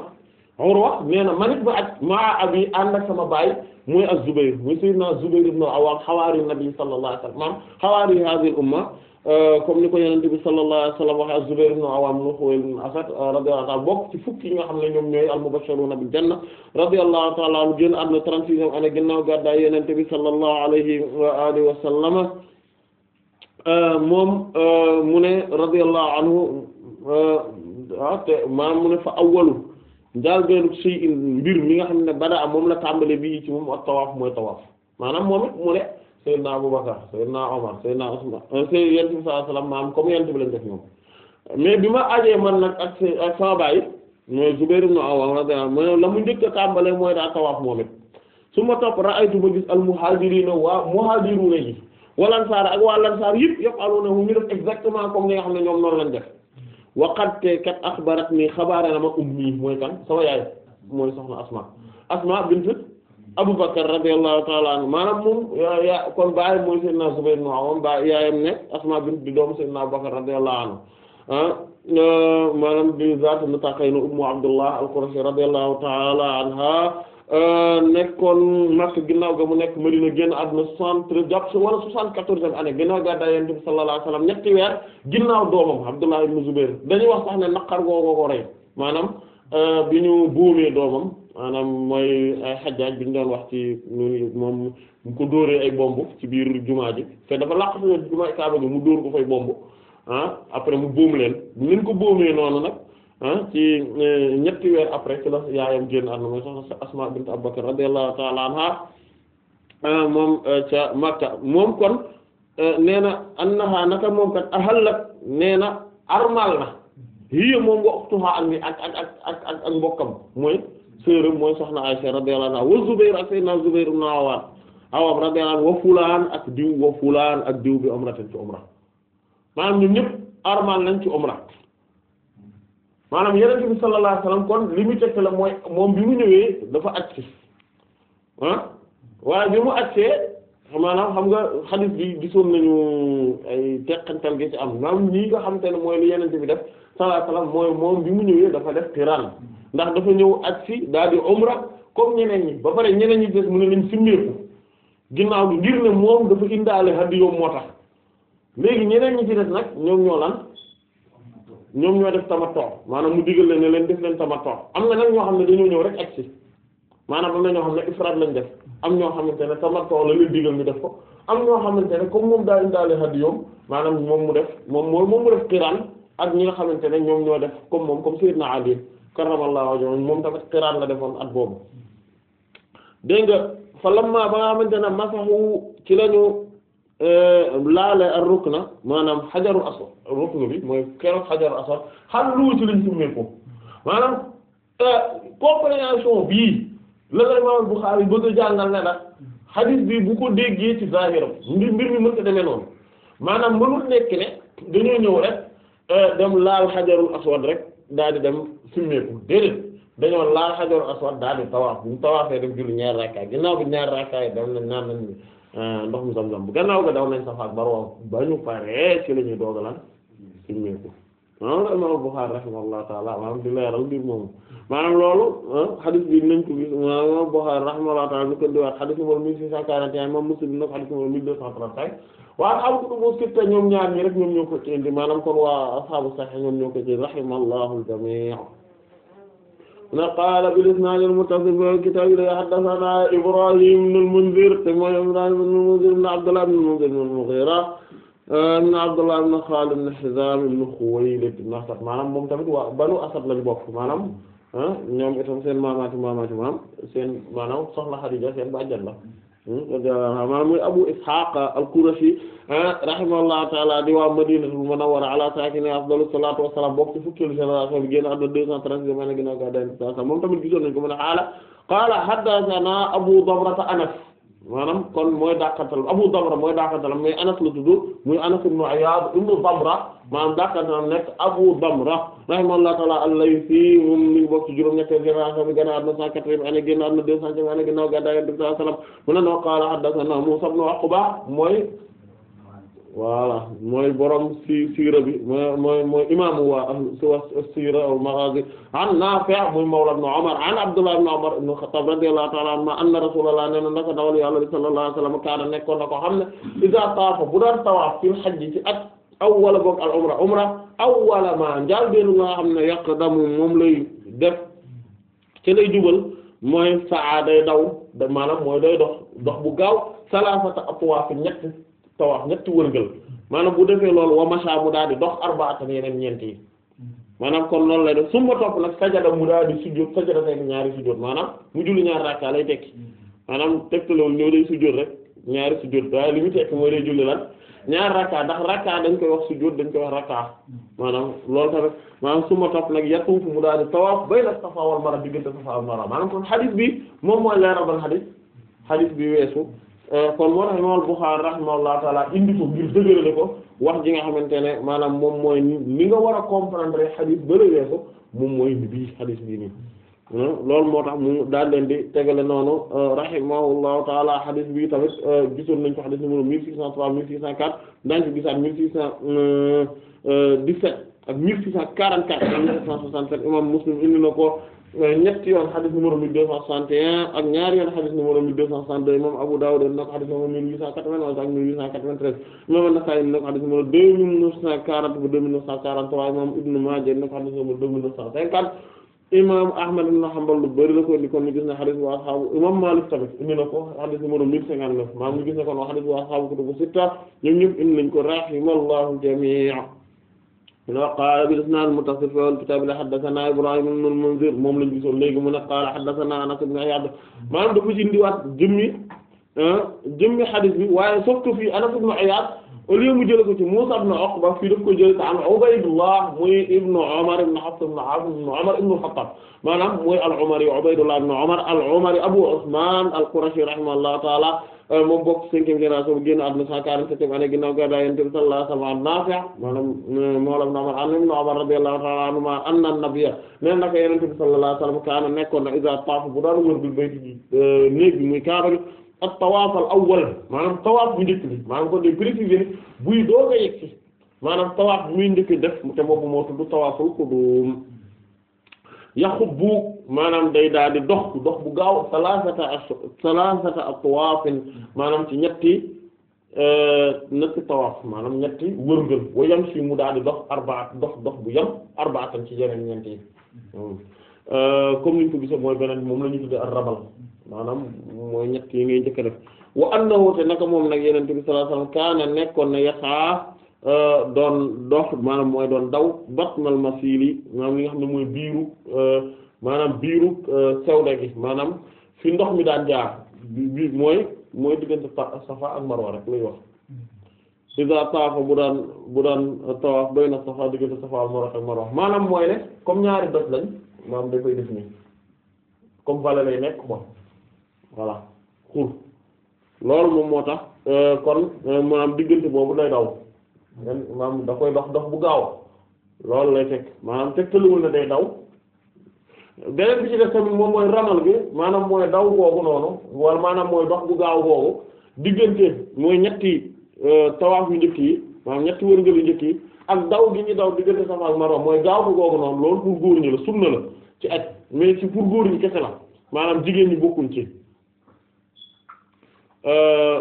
Urwa nee na manit ma aj maa abi ànd ak sama baay mooy az-Zubayr mooy Seydina Zubayr ibn Awwam xawaari nabi sallallahu alayhi wasallam maam xawaari hadhihi al-umma Euh, comme ni ko Yonent bi sallallahu alayhi wa sallam wax az-Zubayr ibn Awwam ibn Khuwaylid ibn Asad euh, radiyallahu ta'ala bokk ci fukki yi nga xam ne ñoom ñooy al-mubashshiruna bil janna radiyallahu ta'ala anhu génn àdduna trente-sixième année ginnaaw gàddaay Yonent bi sallallahu alayhi wa euh, moom mu ne radiyallahu anhu ah, maanaam mu ne fa awwalu njaal gënu shay'in mbir mi nga xam ne badaa moom la tàmbale bi ci moom ak tawaaf mooy tawaaf maanaam moom mu ne Seydina Aboubacar Seydina Omar Seydina Ousmane euh, Seydina yonent bi sallallahu alayhi wasallam comme yonent bi lañ def ñoom mais bi ma ajee man nag ak ak sama baay mooy Zubayr ibn Awwam la mu njëkk a tàmbalee mooy daa tawaaf moom it su ma topp ra'aytu ma gis al waa muhaajiruuna yi wal ansaar ak waa lansaar yëpp yaf'aluuna ñu def exactement comme li nga xam ne ñoom noonu lañ def waqattee kat axbarat nii xabaare na ma ummi mooy kan sama yaay mooy soxna Asma Asma Abubakar radiyallahu ta'ala anhu maanaam moom yaa kon baay mooy Seydina Zubayr ibn Awwam ba yaayam ne Asma bint di doomu Seydina Abubakar radiyallahu anhu ah, maanaam na ah, ginnaaw ga mu nekk Madina génn àdduna soixante-treize jàpp si wala soixante-quatorzième année weer ginnaaw doomam Abdullah ibn Zubayr dañuy wax sax ne naqar maanaam ah, bi ñu buumee doomam maanaam mooy ay euh, xajjaaj bi wax ci moom mu ko dóoree ay bomb ci biir jumaa ji te dafa làqatu woon jumaa Kaaba gi mu dóor ko fay bomb ah, après mu boom leen bu leen ko boomee noonu nag ah, ci euh, ñetti weer après ci la yaayam génn àdduna ah, euh, na annaha naka moom kat ahallat nee ak mbokkam mooy. sœuram mooy soxna Aysa radiyallahu anha wa Zubayr ak sayyidina Zubayr ibn Awwam Awwam radiyallahu anhu wa fulaan ak diw wa fulaan ak diw bi umratan ci umra maanaam ñun ñëpp armal nañ ci umra maanaam yeneen bi sallallahu alayhi wasallam kon li mu tekk la mooy moom bi mu ñëwee dafa acc ah waaye bi mu accee maanaam xam nga xadis bi gisoon nañu ay teqantal gi ci am maanaam lii nga xam ne mooy li yenente bi def sallallahu alayhi mooy moom bi mu ñëwee dafa def tiraan ndax dafa ñëw ak si daal di umra comme ñeneen ñi ba pare ñeneen ñi des mu ne nañ simmeeku ginnaaw gi ngir ne moom dafa indaale hadiyoom moo tax léegi ñeneen ñi ci des nag ñoom ñoo lan ñoom ñoo def tamattu maanaam mu digal leen ne leen def leen tamattu am na nag ñoo xam ne dañoo ñëw rek ak si maanaam am na ñoo am ñoo xamante ne tamattu la leen digal ñu def ko am ñoo xamante ne comme moom daal daal di hadiyu maanaam moom mu def moom mooy moom mu def qiraan ak ñi nga xamante ne ñoom ñoo def comme moom comme Sayyidna Ali karramallahu wajhahu moom tamit qiraan la defoon at boobu dégg nga fa lamma ba nga xamante ne masahu ci lañu euh, laale ak rukna maanaam xajaru aswad rukna bi mooy keroog xajaru aswad xal luu ci lañ summeeku maanaam euh, compréhension bii la la imaam Buxaari bëgg a jàngal ne nag xadiis bi bu ko déggee ci zaahiram mbir mbir mi mënta demee noonu maanaam mënul nekk ne dañoo ñëw rek euh, dem laal xajarul aswad rek daal di dem simmeeku déedéet dañoo laal xajarul aswad daal di tawaaf bu mu tawaafee dem julli ñaar raakaay ginnaaw bi ñaar raakaay dem nañ naan nañ euh, ndox mu zam-zam bu gannaaw ga daw nañ Safaa ak Marwa ba ñu paree ci la ñuy doogalan simmeeku maanaam la imaam Buxaari rahimahullahu taala maanaam di mbir moomu maanaam loolu ah, xadis bi nañ ko gis maanaam Bukhari rahimahullahu ta'ala ñu ko diwaat xadis numéro 1641 moom Muslim nag xadis numéro 1235 waa ashaabu kutubu sitta ñoom ñaar ñi rek ñoom ñoo ko ci indi maanaam kon waa ashaabu sahih ñoom ñoo ko ci rahimallahu al-jamii' na qaala bil-isnaad al-muttasil fil kitaab ilaa haddathanaa Ibraahiim ibn al-Mundhir te mooy Ibraahiim ibn al-Mundhir ibn Abdullah ibn al-Mundhir ibn al-Mughiira ah, ibn Abdullah ibn Khaalid ibn Hizaam ibn Khuwaylid ibn Asad maanaam moom tamit waa Banu Asad lañ bokk maanaam Ah ñoom itam seen maamaati maamaati maam seen maanaam soxna Xadija seen bàjjan la hmm, maanaam muy Abu Ishaq al-Qurashi ah, rahimahullahu ta'ala di waa Madinatul Munawwara ala saakinihaa afdalu salaatu wa salaam bokk ci fukkeelu génération bi génn àdduna deux cent trente ma ne ginnaaw ga moom tamit gisoon nañ ko mu ne qaala haddathanaa Abu Damrata Anas maanaam kon mooy dàqantalam Abu Damra mooy dàqantalam mais Anas la tudd muy Anas ibn Ayyad ibn Damra maanaam dàqantalam nekk Abu Damra rahimahullah ta'ala al-Laythi moom mi ngi bokk ci juróom-ñetteel génération bi gannaaw àdduna 180 année génn àdduna 200 année ginnaaw gàddaay Yonent bi sallallahu alayhi mu ne noo qaala haddathana Musa ibn Uqba mooy voilà mooy borom si siira bi mooy mooy imaamu waa siwa siira al maghazi an Naafi' muy mawla ibn Umar an Abdullah ibn Umar ibn Khattab radiyallahu ta'ala anhu anna rasulullah nee na naka dawal yàlla sallallahu alayhi wa sallam kaana nekkoon na ko xam ne iza taafa bu daan tawaaf fil hajj ci ak awwala boog al umra umra awwala ma njaal beenu nga xam ne yaqdamu moom lay def ci lay jubal mooy saa day daw maanaam mooy day dox dox bu gaaw salaasata atwaaf ñett tawaaf ñetti wërngël maanaam bu defee loolu wa macha mu daal di dox arbaatan yeneen ñeent maanaam kon loolu lay de su ma topp nag sajada mu daal di sujjóot sajada fekk ñaari sujjóot maanaam mu julli ñaari rakka lay tekki maanaam tegtalewul ñoo day sujjóot rek ñaari sujjóot waaye li mu tekki mooy day ñaari rakka ndax rakka dañ koy wax sujjóot dañ koy wax rakka maanaam loolu tamit maanaam su ma topp nag yatuuf mu a di tawaaf bayna Safa wal Marwa diggante Safa wal Marwa maanaam kon xadis bi moom mooy leeral ban xadis xadis bi weesu. Euh, kon moo tax imam Bukhari rahimahullahu taala indi ko ngir dëgërale ko wax ji nga xamante ne maanaam moom mooy ni nga war a comprendre xadis bëriwee ko moom mooy bii xadis bii nii hmm? loolu moo tax mu daal leen di tegale noonu euh, rahimahullahu taala xadis bi tamit euh, gisoon nañ ko xadis numéro 1603 1604 daañu ko gisaat 1617 ak 1644 ak 1767 imam Muslim indi na ko. ñetti yoon xadis numéro 1261 ak ñaari yoon xadis numéro 1262 imam Abu Dawud na ko xadis numéro 1891 ak 1893 imam An-Nasa'i na ko xadis numéro 2940 ba 2943 imam Ibn Majah na ko xadis numéro 2950 imam Ahmad ibn Hanbal lu bari la ko indi kon ñu gis ne xadis wa ashabu imam Malik tamit indi na ko xadis numéro 1059 maam ñu gis ne kon wa xadis wa ashabu kutubu sitta ñoom ñëpp indi nañ ko wa qaala bil isnaad al-muttasil fil kitaab la haddathanaa Ibraahiim ibn al-Munzir moom lañ gisoon léegi mu ne qaala haddathanaa Anas ibn Iyaad maanaam dafa ci indiwaat jëmmi ah, jëmmi xadiis bi waaye sauf que fii Anas ibn Iyaad au lieu mu jële ko ci Muusa ibn Uqba fii daf ko jële ta an Ubaydullah muy ibn Umar ibn Hafs ibn Hafs ibn Umar ibn al-Khattab maanaam mooy al-Umari Ubaydullah ibn Umar al-Umari Abu Usman al-Qurashi rahimahullahu ta'ala moom bokk cinquième génération bu génn àdduna cent quarante-septième année ginnaaw gàddaay Yonent bi sallallahu alayhi wa sallam Naafi' maanaam euh, mawla ibn Umar an ibn Umar radiyallahu ta'ala anhuma anna an-nabiyya nee na ko Yonent bi sallallahu alayhi wa sallam kaana nekkoon na iza taafa bu daan wër bil bayt euh, néeg bi muy Kaaba ak tawaaf al awwal maanaam tawaaf bu njëkk bi maanaam kon day préciser buy doog a yegg si maanaam tawaaf bu muy njëkk def te boobu moo tudd tawaaful qudum yaxubbu maanaam day daal di dox dox bu gaaw salasata salasata atwaafin maanaam ci ñetti euh, ñetti tawaaf maanaam ñetti wërngël wa yam si mu daal di dox arbaat dox dox bu yam arbaatan ci yeneen ñeent yi mm-hmm. euh, comme niñ ko gisee mooy beneen moom la ñu tuddee rabal maanaam mooy ñett yi ngay njëkk def wa annahu te naka moom nag yenente bi sallallahu alayhi wasallam nekkoon na yaxaa euh, doon dox maanaam mooy doon daw ma masili maanaam li nga xam ne mooy biiru euh, maanaam biiru euh, sewda gi maanaam fi ndox mi daan jaar bi mooy mooy diggante safa ak marwa bu daan bu daan tawaaf bay na safa diggante ak marwa ak marwa maanaam mooy ne comme ñaari doj lañ maanaam dafay def nii comme vallée lay nekk quoi voilà xur hmm. loolu moom moo tax euh, kon euh, maanaam diggante boobu day daw maanaam da koy dox dox bu gaaw loolu lay teg maanaam teg tëluwul ne day daw beneen bi ci def moom mooy ramal bi maanaam mooy daw googu noonu wal maanaam mooy dox bu gaaw googu diggante mooy ñetti euh, tawaaf yu njëkk yi maanaam ñetti wërngël yu njëkk yi ak daw gi ñu daw diggante Safa ak Marwa mooy gaaw bu googu noonu loolu pour góor ñi la sunna la ci at mais ci pour góor ñi kese la jigéen ñi bokkuñ ci Euh,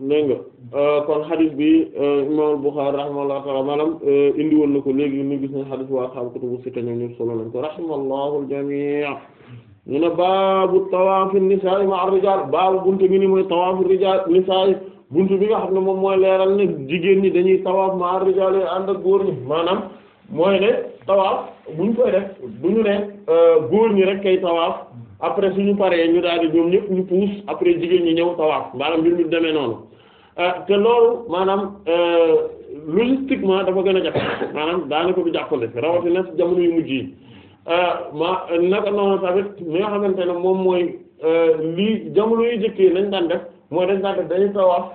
dégg nga euh, kon xadis bi euh, imam Bukhari rahimahullahu ta'ala maanaam indi woon na ko léegi ñu gis ne xadis waa xam kutubu sitta ñoom ñëpp solo lañ ko rahimallahu al-jami' ñu ne baabu tawaafi nisaa ma'a rijaal baabu buntu bi ni mooy tawaafi rijaal nisaa buntu bi nga xam ne moom mooy leeral ne jigéen ñi dañuy tawaaf ma'a rijaal yi ànd ak góor ñi maanaam mooy ne tawaaf buñ koy def bu ñu ne góor ñi rek kay tawaaf après suñu paree ñu daal di ñoom ñëpp ñu puus après jigéen ñi ñëw tawaaf maanaam mbir mi demee noonu euh, te loolu maanaam euh, logistiquement dafa gën a jafe maanaam daanaka du jàppale rawatina ci jamono yu mujj yi euh, ma naka noonu tamit li nga xamante ne moom mooy lii jamono yu jëkkee nañ daan def mooy dañ daan def dañuy tawaaf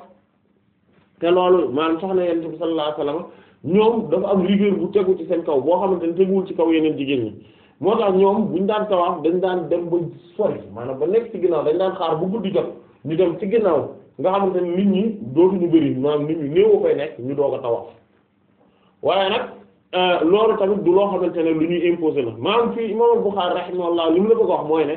te loolu maanaam soxna Yonent bi sallallahu alayhi wasallam ñoom dafa am rigueur bu tegu ci seen kaw boo xamante ne teguwul ci kaw yeneen jigéen ñi. moo tax ñoom ñu daan tawaaf dañ daan dem ba sori maanaam ba nekk ci ginnaaw dañ daan xaar bu guddi jot ñu dem ci ginnaaw nga xamante ne nit ñi dootuñu bëri maanaam nit ñi néew a koy nekk ñu doog a tawaaf waaye nag euh, loolu tamit du loo xamante ne lu ñuy imposé la maanaam fii imam Bukhari li mu la bëgg mooy ne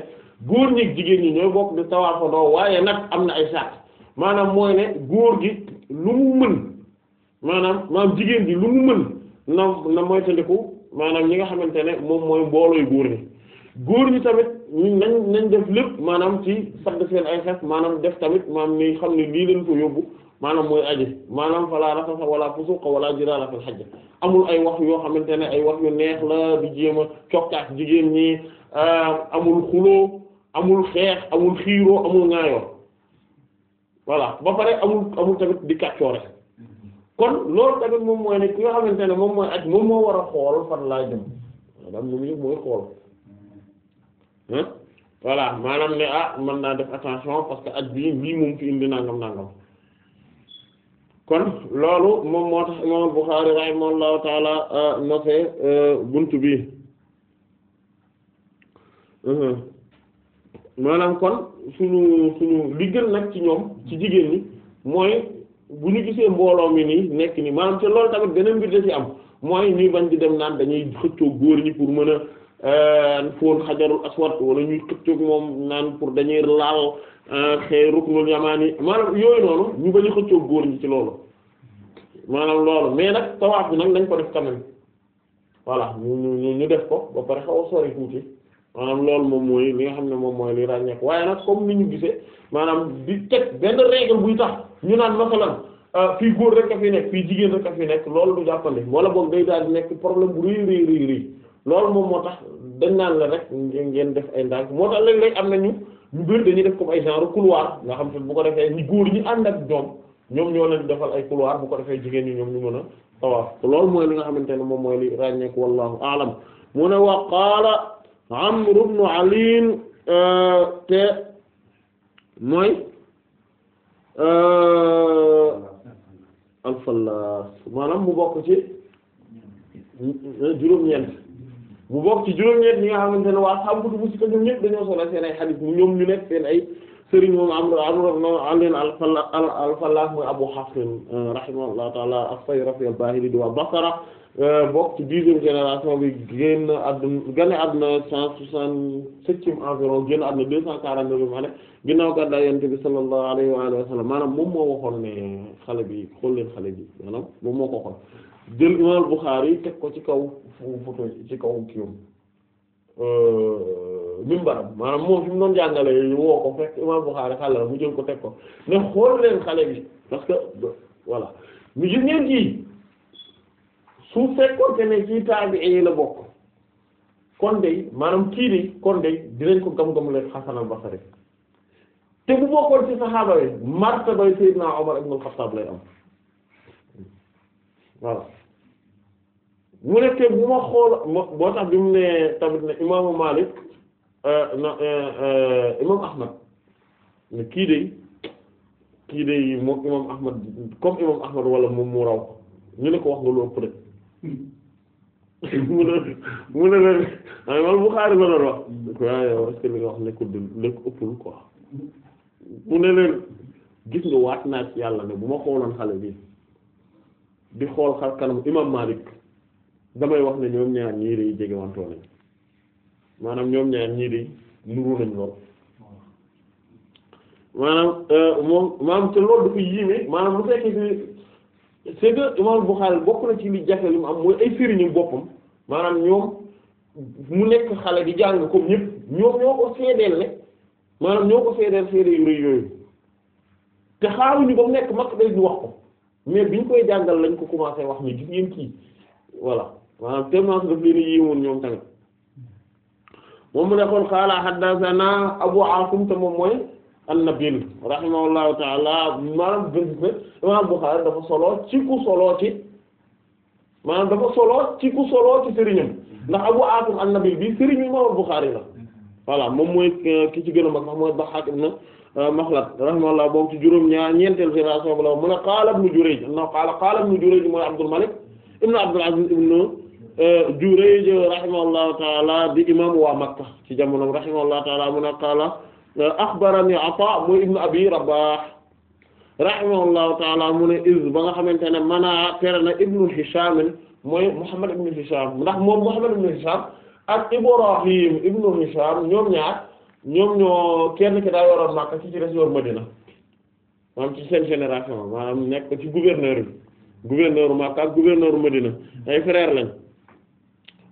góor ñi ak jigéen ñi ñooy bokk di tawaafandoo waaye nag am na ay sart maanaam mooy ne góor gi lu mu mën maanaam maanaam jigéen gi lu mu mën na na moytandiku maanaam ñi nga xamante ne moom mooy mboolooy góor ñi góor ñi tamit ñu nañ nañ def lépp maanaam ci sadd seen ay xef maanaam def tamit maanaam ni xam ne lii leen ko yóbbu maanaam mooy aji maanaam falaa rafasa wala fusuqa wala jidala fil hajj amul ay wax yoo xamante ne ay wax yu neex la di jéem a cokkaat jigéen ñi ah, amul xuloo amul xeex amul xiiroo amul ŋaayoo voilà ba pare amul amul tamit di kàccoore kon loolu tamit moom mooy ne ki nga xamante ne moom mooy aj moom moo war a xool fan laa jëm moom yëpp mooy xool voilà maanaam ne ah mën naa def attention parce que aj bi lii moom fi indi nangam nangam kon loolu moom moo tax imam Bukhari rahimahullahu taala euh, nofe euh, buntu bi maanaam kon sunu sunu li gën nag ci ñoom ci jigéen ñi mooy bu ñu gisee mbooloo mi nii nekk nii maanaam te loolu tamit beneen mbir da ci am mooy ñuy bañ di dem naan dañuy xëccoo góor ñi pour mën a euh, fóon xajarul aswad wala ñuy xëccoog moom naan pour dañuy laal euh, xëy ruknul yamaani maanaam yooyu noonu ñu bañ a xëccoo góor ñi ci loolu maanaam loolu mais nag tawaaf bi nag nañ ko def quand même ñu ñu ñu def ko ba pare xaw a sori maanaam loolu moom mooy li nga xam ne moom mooy li ràññeeku waaye nag comme ni ñu gisee maanaam di teg benn règle buy tax ñu naan euh, a fi nekk fii jigéen rek a fi nekk loolu du day daal di nekk problème bu rëy rëy rëy moom moo tax dañ naan la rek ngeen def ay ndànk moo tax léeg-léeg am na ñu ñu bëri dañuy def comme ay genre couloir nga xam te bu ko defee ñu góor ñi ànd ak ñoom ñoom ñoo leen defal ay couloir bu ko defee jigéen ñi ñoom ñu mën a loolu mooy li nga xamante ne moom mooy li ràññeeku wallahu aalam mu ne wa qaala Amr ibn Ali euh, te mooy euh, al maanaam mu bokk ci juróom-ñeent mu bokk ci juróom-ñeent ñi nga xamante ne waa xam kutubu sitta ñoom ñépp dañoo solo seen ay xadiis ñoom ñu nekk seen ay sëriñ moom Amr Amr ibn Ali al-Fallaas mooy Abu Hafs euh, rahimahullahu ta'ala as-Sayrafi al-Bahili di waa Basra Euh, bokk ci dixième génération bi génn àdduna génn àdduna cent soixante-septième environ génn àdduna deux cent quarante-neuf année ginnaaw gàddaay Yonent bi sallallahu alayhi wa alihi wa sallam maanaam moom moo waxoon ne xale bi xool leen xale bi maanaam moom moo ko xool jël imaam Bukhari teg ko ci kaw photo ci kaw kiiwam euh, mimbaram maanaam moom fi mu doon jàngale woo ko fekk imaam Bukhari xale la mu jël ko teg ko ne xool leen xale bi parce que voilà mu gis ngeen su fekkoon te ne ci taabi'i yi la bokk kon de maanaam kii de kon de dinañ ko gam-gam leen Hasan al-Basri te bu ma xool boo tax bi mu ne tamit ne imaamu euh, na euh, euh, imaamu Ahmad ne kii de kii de moom imaamu Ahmad comme imaamu Ahmad wala moom mu raw ñu ne ko wax nga lu ëpp mu ne mu ne leen man Buxaari la doon wax waaye est-ce que li nga wax nekkul du nekk ëppul quoi mu ne leen gis nga waat naa yàlla ne bu ma xooloon xale bi di xool xar kanam imam Malik damay wax ne ñoom ñaar ñii day jege wantoo maanaam ñoom ñaar ñii day nuru nañ lool maanaam euh, moom maanaam te loolu dafa yéeme maanaam lu fekkee ci c'est que imam Bukhari bokk na ci li jafe am mooy ay sëriñu boppam maanaam ñoom mu nekk xale di jàng comme ñëpp ñoom ñoo ko seedeel ne maanaam ñoo ko seedeel seede yu rëy yooyu te xaaruñu ba mu nekk mag day ñu wax ko mais biñ koy jàngal lañ ko commencé wax ni gis ngeen kii voilà maanaam tellement daf leen a yéemoon ñoom tamit moom mu ne kon xaala haddathana Abu Asim te moom mooy an-Nabil rahimahullahu ta'ala maanaam imaam Bukhari dafa solo ci ku solo ci maanaam dafa solo ci ku solo ci sëriñam ndax Abu Asim an-Nabil bi sëriñu imaam Bukhari la voilà moom mooy ki ci gën a mag mooy Bahak ibn euh, Makhlad rahimahullah boobu ci juróom ñaar ñeenteel génération bu la mu ne qaala ibn Jurayj no qaala qaala ibn Jurayj mooy Abdul Malik ibn Abdul Aziz ibn euh, Jurayj rahimahullahu ta'ala di imam waa Makka ci jamono rahimahullahu ta'ala mu ne axbarani Ataa mooy ibnu Abi Rabaah rahimahullahu taala mu ne iz ba nga xamante ne mana tere na ibnu Hishaam mooy Muhammad ibnu Hishaam ndax moom Muhammad ibnu Hishaam ak Ibrahim ibnu Hishaam ñoom ñaar ñoom ñoo kenn ki daal yoroon Makka ci ci des yor Madina maanaam ci seen génération maanaam nekk ci gouverneur yi gouverneur Makka ak gouverneur Madina ay frère lañ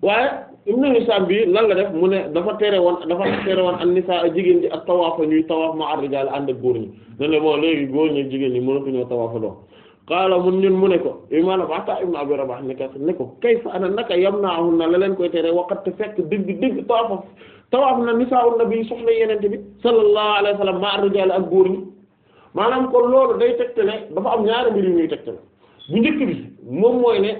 waaye Ibn Hisham bi lan la def mu ne dafa tere woon dafa tere woon an nisaa ak jigéen ji ak tawaafa ñuy tawaaf ma ar-rijaal ànd ak góor ñi ne ne bon léegi góor ñi jigéen ko eh, maanaam ata Ibn Abi Rabah ne ko ne ko kayfa ana naka yamna'uhunna la leen koy tere waqat fekk dëgg dëgg tawaafa tawaaf na nisaa'u nabi soxna yenente bi sallallahu alayhi wa sallam ma ar-rijaal ak góor kon loolu day tegtale dafa am ñaari mbir yu ñuy tegtale bu njëkk bi moom mooy ne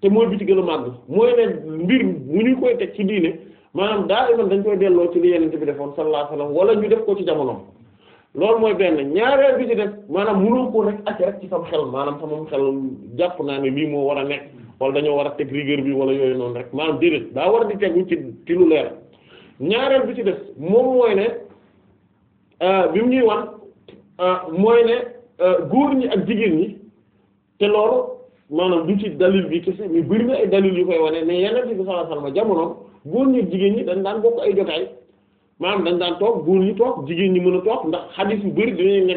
te mooy bi ci gën a màgg mooy ne mbir mu ñu koy teg ci diine maanaam daa iman dañ koy delloo ci li yenente bi defoon sallallahu alayhi wala ñu def ko ci jamonoom loolu mooy benn ñaareel bi ci def maanaam mënoo ko rek acc rek ci sam xel maanaam samam xel jàpp naa ne lii moo war a nekk wala dañoo war a teg rigueur bi wala yooyu noonu rek maanaam déedéet daa war di tegu ci ci lu leer ñaareel bi ci def moom mooy ne euh, bi mu ñuy wan euh, mooy ne euh, góor ñi ak jigéen ñi te maanaam du ci dalil bi kese mais bëri na ay dalil yu koy wane ne yeneen bi sallallahu alayhi wasallam jamonoom góor ñi jigéen ñi dañ daan bokk ay jotaay maanaam dañ daan toog góor ñi toog jigéen ñi mën a toog ndax xadiis yu bëri dañuy ne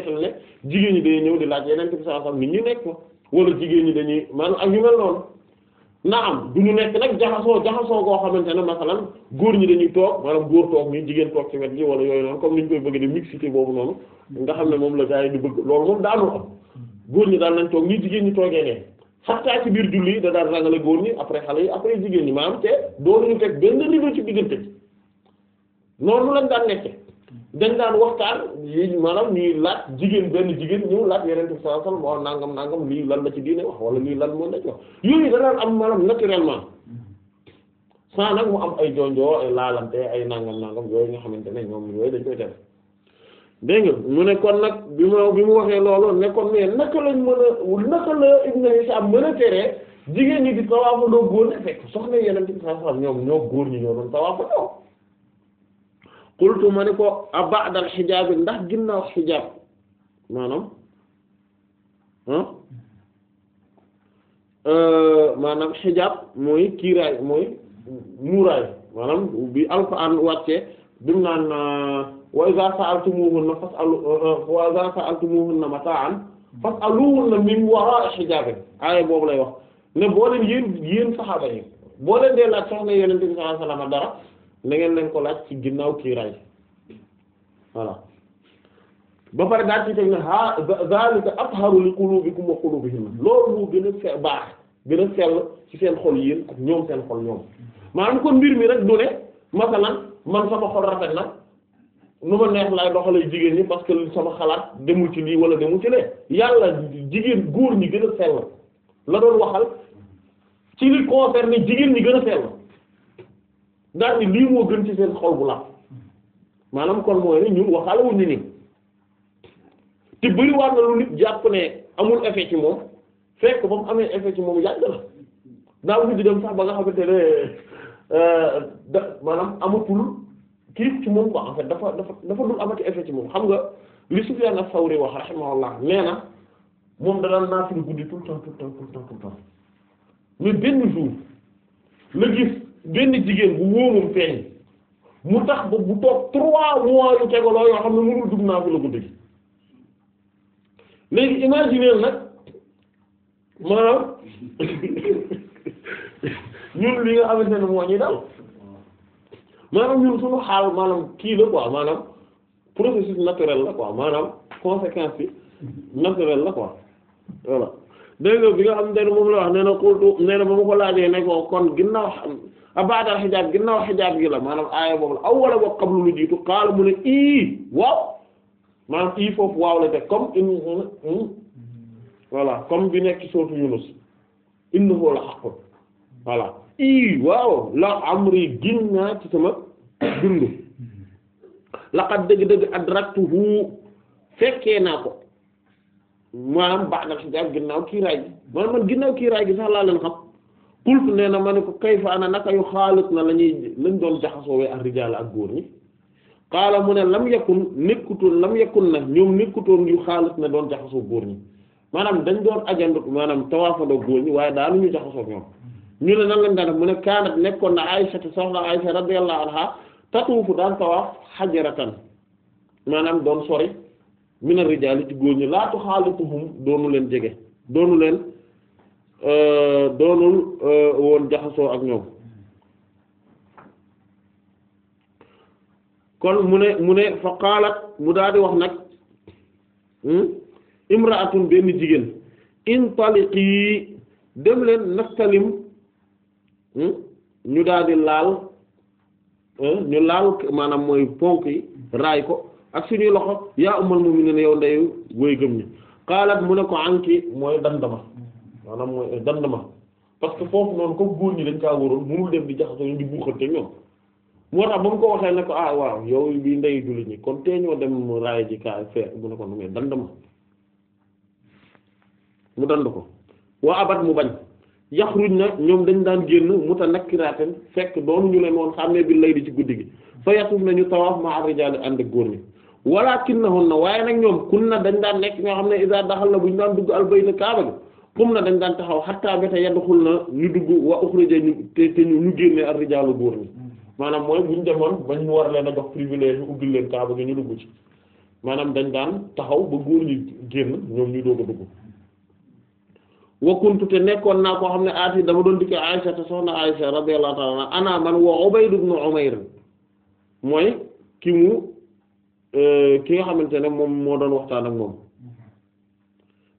jigéen ñi dañuy ñëw laaj yeneen bi sallallahu alayhi wasallam nit ñi wala jigéen ñi dañuy maanaam ak yu mel noonu na am du ñu nekk nag jaxasoo jaxasoo goo xamante ne masalan góor ñi dañuy toog maanaam góor toog nii jigéen toog ci wet gi wala yooyu noonu comme ni ñu koy bëgg di mixité boobu noonu nga xam ne moom la gars yi di bëgg loolu moom daanul am góor ñi daal nañ toog nii jigéen ñi toogee ne xattaa ci biir julli da daan rangale góor ñi après xale yi après jigéen ñi maanaam te doonuñu teg benn niveau ci diggante noonu lañ daan nekke dañ daan waxtaan yi maanaam ñuy jigéen benn jigéen ñëw laaj yeneen bi sallallahu alayhi oh, nangam nangam lii lan la ci diine wax wala lii lan moo la ci wax yooyu da daan am maanaam naturellement sans nag mu am ay jonjoo ay laalante ay nangam nangam yooyu nga xamante ne ñoom yooyu dañ koy def dégg mu nekkoon nag bi ma bi mu waxee loolu nekkoon kon mais naka lañ mën a naka la Ibn Hisham mën a teree jigéen ñi di tawaafu ndoo góor ñi fekk soxna yeneen ci saa ñoom ñoo góor ñi ñoo doon tawaafu ndoo ma ne ko a ba'dal ndax ginnaaw xijaab maanaam ah, euh, maanaam xijaab mooy kiiraay mooy muuraay maanaam bi alxuraan wàcce dim naan wa iza sa'altumuhunna fas'alu wa iza sa'altumuhunna mata'an fas'aluhunna min wara'i hijab aaya boobu lay wax ne boo leen yéen yéen saxaaba yi boo leen dee laaj soxna Yonent bi sallallahu alayhi wasallam dara na ngeen ko laaj ci ginnaaw kiiraay voilà ba pare daa ci teg ne ah zalika atharu li qulubikum wa qulubihim loolu moo gën a fe baax gën a sell ci seen xol yéen ak ñoom seen xol ñoom maanaam kon mbir mi rek du ne masalan man sama xol rafet na. nu ma neex laay doxalee jigéen ñi parce que sama xalaat demul ci lii wala demul ci lee yàlla jigéen góor ñi gën a sell la doon waxal ci li concerne jigéen ñi gën a sell daal ni lii moo gën ci seen xol bu la maanaam kon mooy ne ñun waxaale wuñ ni nii te bëri na lu nit jàpp ne amul effet ci moom fekk ba mu amee effet ci moom yàgg na daaw ñu di dem sax ba nga xamante ne euh, da maanaam amatul. tiit ci moom quoi en fait dafa dafa dafa dul amati effet ci moom xam nga li Sufyaan as-Sawri wax rahimahullah nee na moom da daan naafila guddi tout le temps tout le temps jigéen bu wóomum mu tax ba bu toog trois mois yu tegaloo yoo xam ne mënul dugg naafila guddi gi léegi imaginer nag maanaam ñun li nga xamante ne moo ñi dal maanaam ñun suñu xaal maanaam kii la quoi maanaam processus naturel la quoi maanaam conséquence yi naturel la quoi voilà dégg nga bi nga xam ne moom la wax ba ma ko laajee ne ko kon ginnaaw abadal xijaab ginnaaw xijaab gi la maanaam aaya boobu la aw wala boo xablu lu jiitu xaala mu ne ii waaw maanaam ii foofu waaw la te comme in voilà comme bi nekk ci sootu Yunus innahu la haqqun voilà i waaw la amri gin naa ci sama dund laqad dëgg-dëgg adraktuhu fekkee naa ko maanaam baax na si daal ginnaaw kiiraay gi maanaam man ginnaaw kiiraay gi sax laa leen xam qultu nee na ma ne ko kayfa ana naka yu xaalit na la ñuy lañ doon jaxasoowee ak ak góor ñi xaala mu ne lam yakun nekkutoon lam yakun na ñoom nekkutoon yu xaalit na doon jaxasoo góor ñi maanaam dañ doon ajandut maanaam tawaafandoo góor ñi waaye daal ñu jaxasoo ñoom ñu ne nan lañ daan def mu ne kaanat nekkoon na Aysa te soxna Aysa radiyallahu anha tatuufu daan tawaaf xajaratan maanaam doon sori mina rijaali ci góor ñi laatu xaalituhum doonu leen jege doonu leen euh, doonul euh, woon jaxasoo ak ñoom kon mu ne mu ne fa qaalat mu daal wax nag hmm, imraatun benn jigéen intaliqi dem leen nastalim Hmm? ñu daal di laal hmm? ñu laal maanaam mooy ponk yi raay ko ak suñuy loxo yaa ummul mu'minin yow ndeyu woy gëm ñu xaalaat mu ne ko anki mooy dandama maanaam mooy dandama parce que foofu noonu comme góor ñi dañ kaa waroon mënul dem di jaxasoo ñu mu ko waxee ne ko ah waaw yow bi ndey jullit ñi kon tee ñoo dem raay ji kaa mu ne ko nu ngeen dandama mu dand ko waa abat mu bañ yaxruj na ñoom dañ daan génn mutanakkiraatan fekk doonu ñu leen woon xàmmee bi lay di ci guddi gi fa yatuf nañu tawaaf ma ar-rijaal ànd ak góor ñi walaakinnahun na waaye nag ñoom kun na dañ daan nekk ñoo xam ne iza daxal na bu ñu daan dugg albayna kaaba gi xum na dañ daan taxaw xattaa bata yadxul na ñu dugg wa uxrija ñu te te ñu génnee ar góor ñi maanaam mooy bu ñu demoon ba ñu war leen a jox privilège ñu ubbil leen kaaba gi maanaam dañ daan taxaw ba góor ñi génn ñoom ñu doog a dugg wa kuntu nekkoon naa koo xam ne aati dama doon dikk Aisha te soxna Aisha radiyallahu ta'ala ana man wa Ubayd ibn Umayr mooy kii mu euh, ki nga xamante ne moom moo doon waxtaan ak moom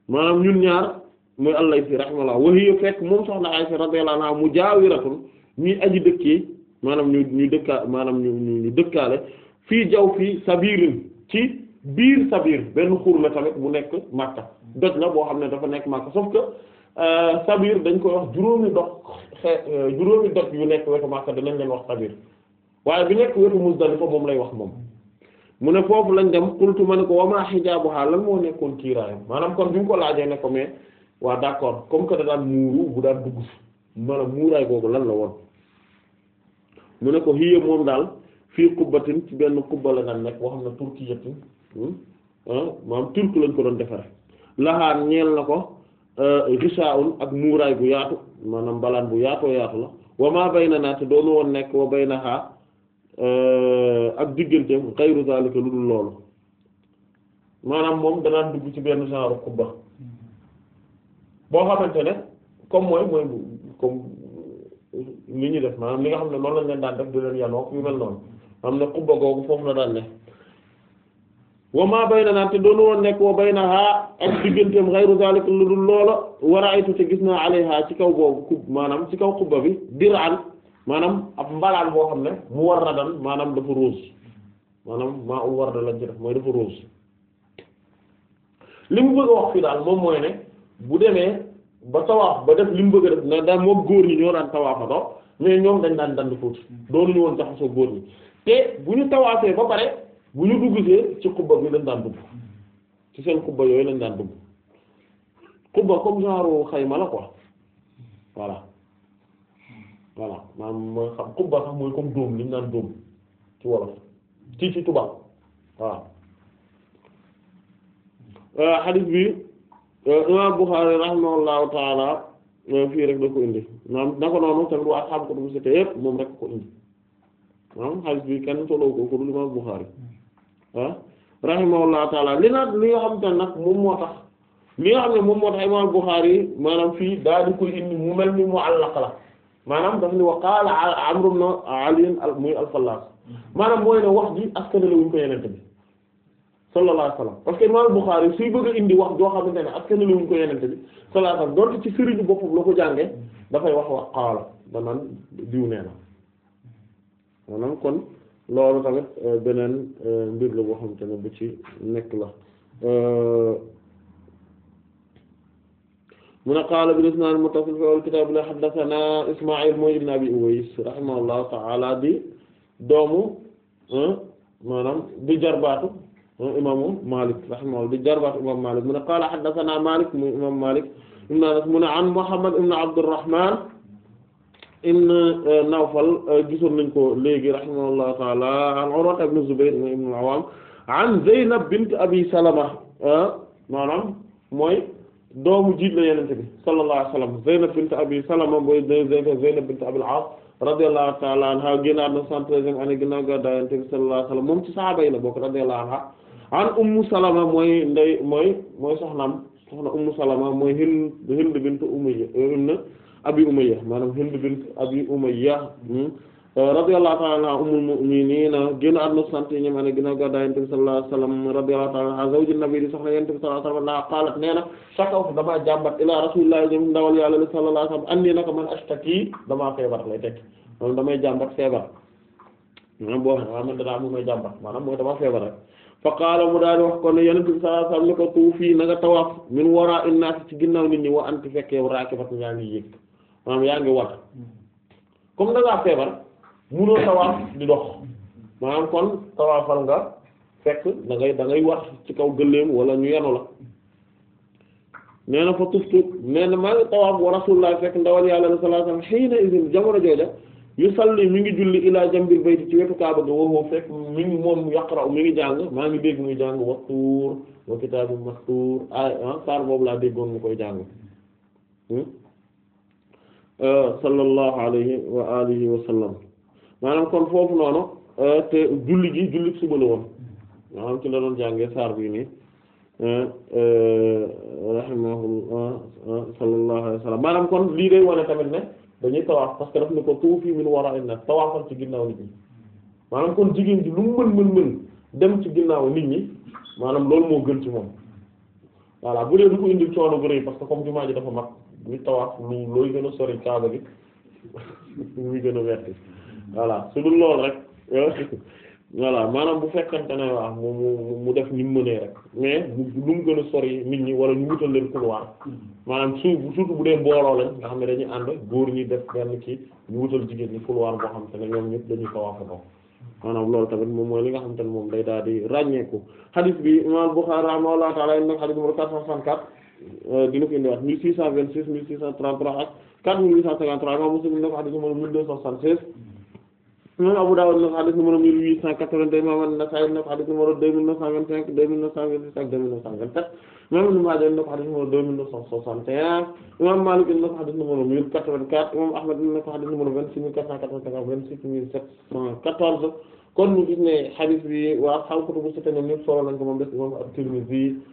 maanaam ñun ñaar muy Allah fi rahimahullah wa hiya fekk moom soxna Aisha radiyallahu anha mujaawiratun ñuy aji dëkkee maanaam ñu ñu dëkkaa maanaam ñu dëkkaale fii jaw fii sabirin ci biir Sabir benn xur la tamit bu nekk Makka doj la boo xam ne dafa nekk Makka sauf que euh, Sabir dañ koy wax juróomi dox xe euh, juróomi doj yu nekk wetu Makka danañ leen wax Sabir waaye bi nekk wetu Muzdalifa moom lay wax moom mu ne foofu lañ dem qultu ma ne ko wa maa hijaabuhaa lan moo nekkoon kiiraayam maanaam kon bi mu ko laajee ne ko mais waa d'accord comme que da daan muuru bu daan dugg si lan la woon mu ne ko hiya moom daal fii qubbatin ci benn qubba la nekk boo xam ne turkiyatin maanaam hmm? ah, turc lañ ko doon defare laxaar ñeel na ko risaun euh, ak muuraay bu yaatu maanaam mbalaan bu yaatoo yaatu la wa maa na naa te doonu woon nekk wa baynahaa euh, ak digganteem xayru zalika lu dul loolu maanaam moom danaan dugg ci benn genre kubba boo xamante ne comme mooy mooy comme li ñu def maanaam li nga xam ne noonu la leen daan def di leen yanoo yu mel noonu xam ne kubba googu foofu la daan ne wa maa baynanaa te doonu woon nekk wa baynahaa ak digganteem ghayru zaalika lu dul loola wa ra'aytu te gis naa alayhaa ci kaw boobu kub maanaam ci kaw kubba bi dir'an maanaam ab mbalaal boo xam ne mu war dan maanaam dafa rose maanaam maa u warda lañ ci def mooy dafa rose li mu bëgg wax fii daal moom mooy ne bu demee ba tawaaf ba def li mu bëgg a def na daal moo góor ñi ñoo daan tawaafatoo mais ñoom dañ daan dand fóot hmm. doonuñu woon jaxasoo góor ñi te bu ñu tawaafee ba pare bu ñu duggsee ci xubba bi lañ daan dugg ci seen xubba yooyu lañ daan dugg xubba comme genre xayma la quoi voilà voilà maanaam mooy xam xubba sax mooy comme dóom li ñu naan dóom ci wolof ci ci tubaab waaw euh, hadith bi euh, imam Bukhari euh, fii rek da ko indi maanaam na ko noonu ko du mu yépp moom rek ko indi maanaam hadith bi kenn solo ko ko dul imam Bukhari ah rahimahullahu taala li nag li nga xam te nag moom moo tax li nga xam ne moom moo tax imam Bukhari yi maanaam fii daal di koy indi mu mel ni mu'allaq la maanaam daf ni wa qaala Amr ibn Ali muy al maanaam mooy ne wax ji askanale wuñ ko yenente bi sallallahu alayhi wasallam que imam Bukhari suy bëgg a indi wax joo xamante ne askanale wuñ ko yenente bi sallallahu alayhi wasallam donte ci sëriñu boppam la ko jànge dafay wax wa qaala danaan diw nee na maanaam kon loolu tamit euh, beneen euh, mbir la boo xamante ne bu ci nekk la euh, mu ne qaala bil isnaad muttasil fi kitaab la haddasanaa Ismaa'iil mooy ibn Abi Uways rahimahullahu ta'aala di doomu maanaam di jarbaatu imaamu Maalik rahimahullah di jarbaatu imaamu Maalik mu ne qaala haddasanaa Maalik muy imaamu Maalik ibn Anas mu ne an Muhammad ibn Abdurrahmaan ibn euh, Nawfal euh, gisoon nañ ko léegi rahimahullahu taala an Urwa ibn Zubayr ibn al-Awwam an Zaynab bint Abi Salama euh, maanaam mooy doomu jiit la Yonent bi sallallahu alayhi wa sallam bint Abi Salama mooy Zaynab bint Abi al-As radiyallahu taala anha génnaat na soixante-treizième année ginnaaw gàddaay Yonent bi sallallahu alayhi wa sallam moom ci sahaaba yi la bokk radiyallahu anha an Ummu Salama mooy ndey mooy mooy soxnaam soxna Ummu Salama mooy Hind Hind bint Umayya abi umayya maanaam hind bint abi umayya hmm, uh, radiyallahu ta'ala anha ummul mu'minina uh, génn àdduna sant ñi ma ne ginnaaw gàddaay Yonent bi sallallahu alayhi wasallam radiyallahu ta'ala anha zawju nabi di soxna Yonent bi sallallahu alayhi wasallam qalat nee na shakawtu damaa jàmbat ila rasulillahi jëm ndawal yàlla li sallallahu alayhi wasallam anni naka man ashtaki damaa feebar lay teg moom damay jàmbat feebar maanaam boo xam ne danaa mu may jàmbat maanaam mooy damaa feebar rek fa qaala daal wax kon Yonent bi sallallahu alayhi ko tuufii na nga tawaaf min wara'in naas ci ginnaaw nit ñi wa anti fekk yow ñaa ngi yéeg maanaam yaa ngi war comme da ngaa feebar munoo tawaaf di dox maanaam kon tawaafal nga fekk da ngay da ngay war ci kaw gëléem wala ñu yenu la nee na fa tuftu nee na maa ngi tawaaf wa rasulullah fekk ndawal yàlla sallallahu alayhi wasallam xiina isin jamono jooja yusalli mi ngi julli ila jambil bayti ci wetu kaaba ga woo fekk mi ngi moom yaqra mi ngi jàng maa ngi dégg muy jàng wattuur wa kitaabum mastuur ay ah saar boobu laa déggoon mu koy jàng hmm? Euh, sallallahu alayhi wa alihi wa sallam maanaam kon foofu noonu euh, te julli gi julli suba la woon maanaam ci la doon jàngee saar bii nii euh, rahimahullah sallallahu alayhi wa sallam maanaam kon lii day wane tamit ne dañuy tawaaf parce que daf ne ko tuufi min wara'in nas tawaafal ci ginnaaw nit ñi maanaam kon jigéen ji lu mu mën mën mën dem ci ginnaaw nit ñi maanaam loolu moo gën ci moom voilà bu dee du ko indil coono bu parce que comme jumaa ji dafa mag buy tawaaf lu looy gën a sori kaaba gi muy gën a wetti voilà su dul loolu rek voilà maanaam bu fekkante ne waaw mu mu def ni mu mënee rek mais lu mu gën a sori nit ñi wala ñu wutal leen couloir maanaam su surtout bu dee mbooloo lañ nga xam ne dañuy ànd góor ñi def benn kii ñu wutal jigéen ñi couloir boo xam te ne ñoom ñëpp dañuy tawaafatoo maanaam loolu tamit moom mooy li nga xam te ne moom day daal di ràññeeku xadis bi imam Bukhari rahimahullahu ta'ala in nag xadis numéro 464 Euh, dina ko indi wax 1626 1633 ak 4853 imam Muslim na ko hadith numéro 1276 imam Abu Dawud na ko hadith numéro 1882 imam An-Nasa'i na ko hadith numéro 2925 2926 ak 2927 imam Ibn Majah na ko hadith numéro 2961 imam Malik na ko hadith numéro 1084 imam Ahmad na ko hadith numéro 26485 26714 kon ñu gis ne hadith bi waa xam kutubu sitta ñoom ñëpp solo nañ ko moom des imam At-Tirmidhi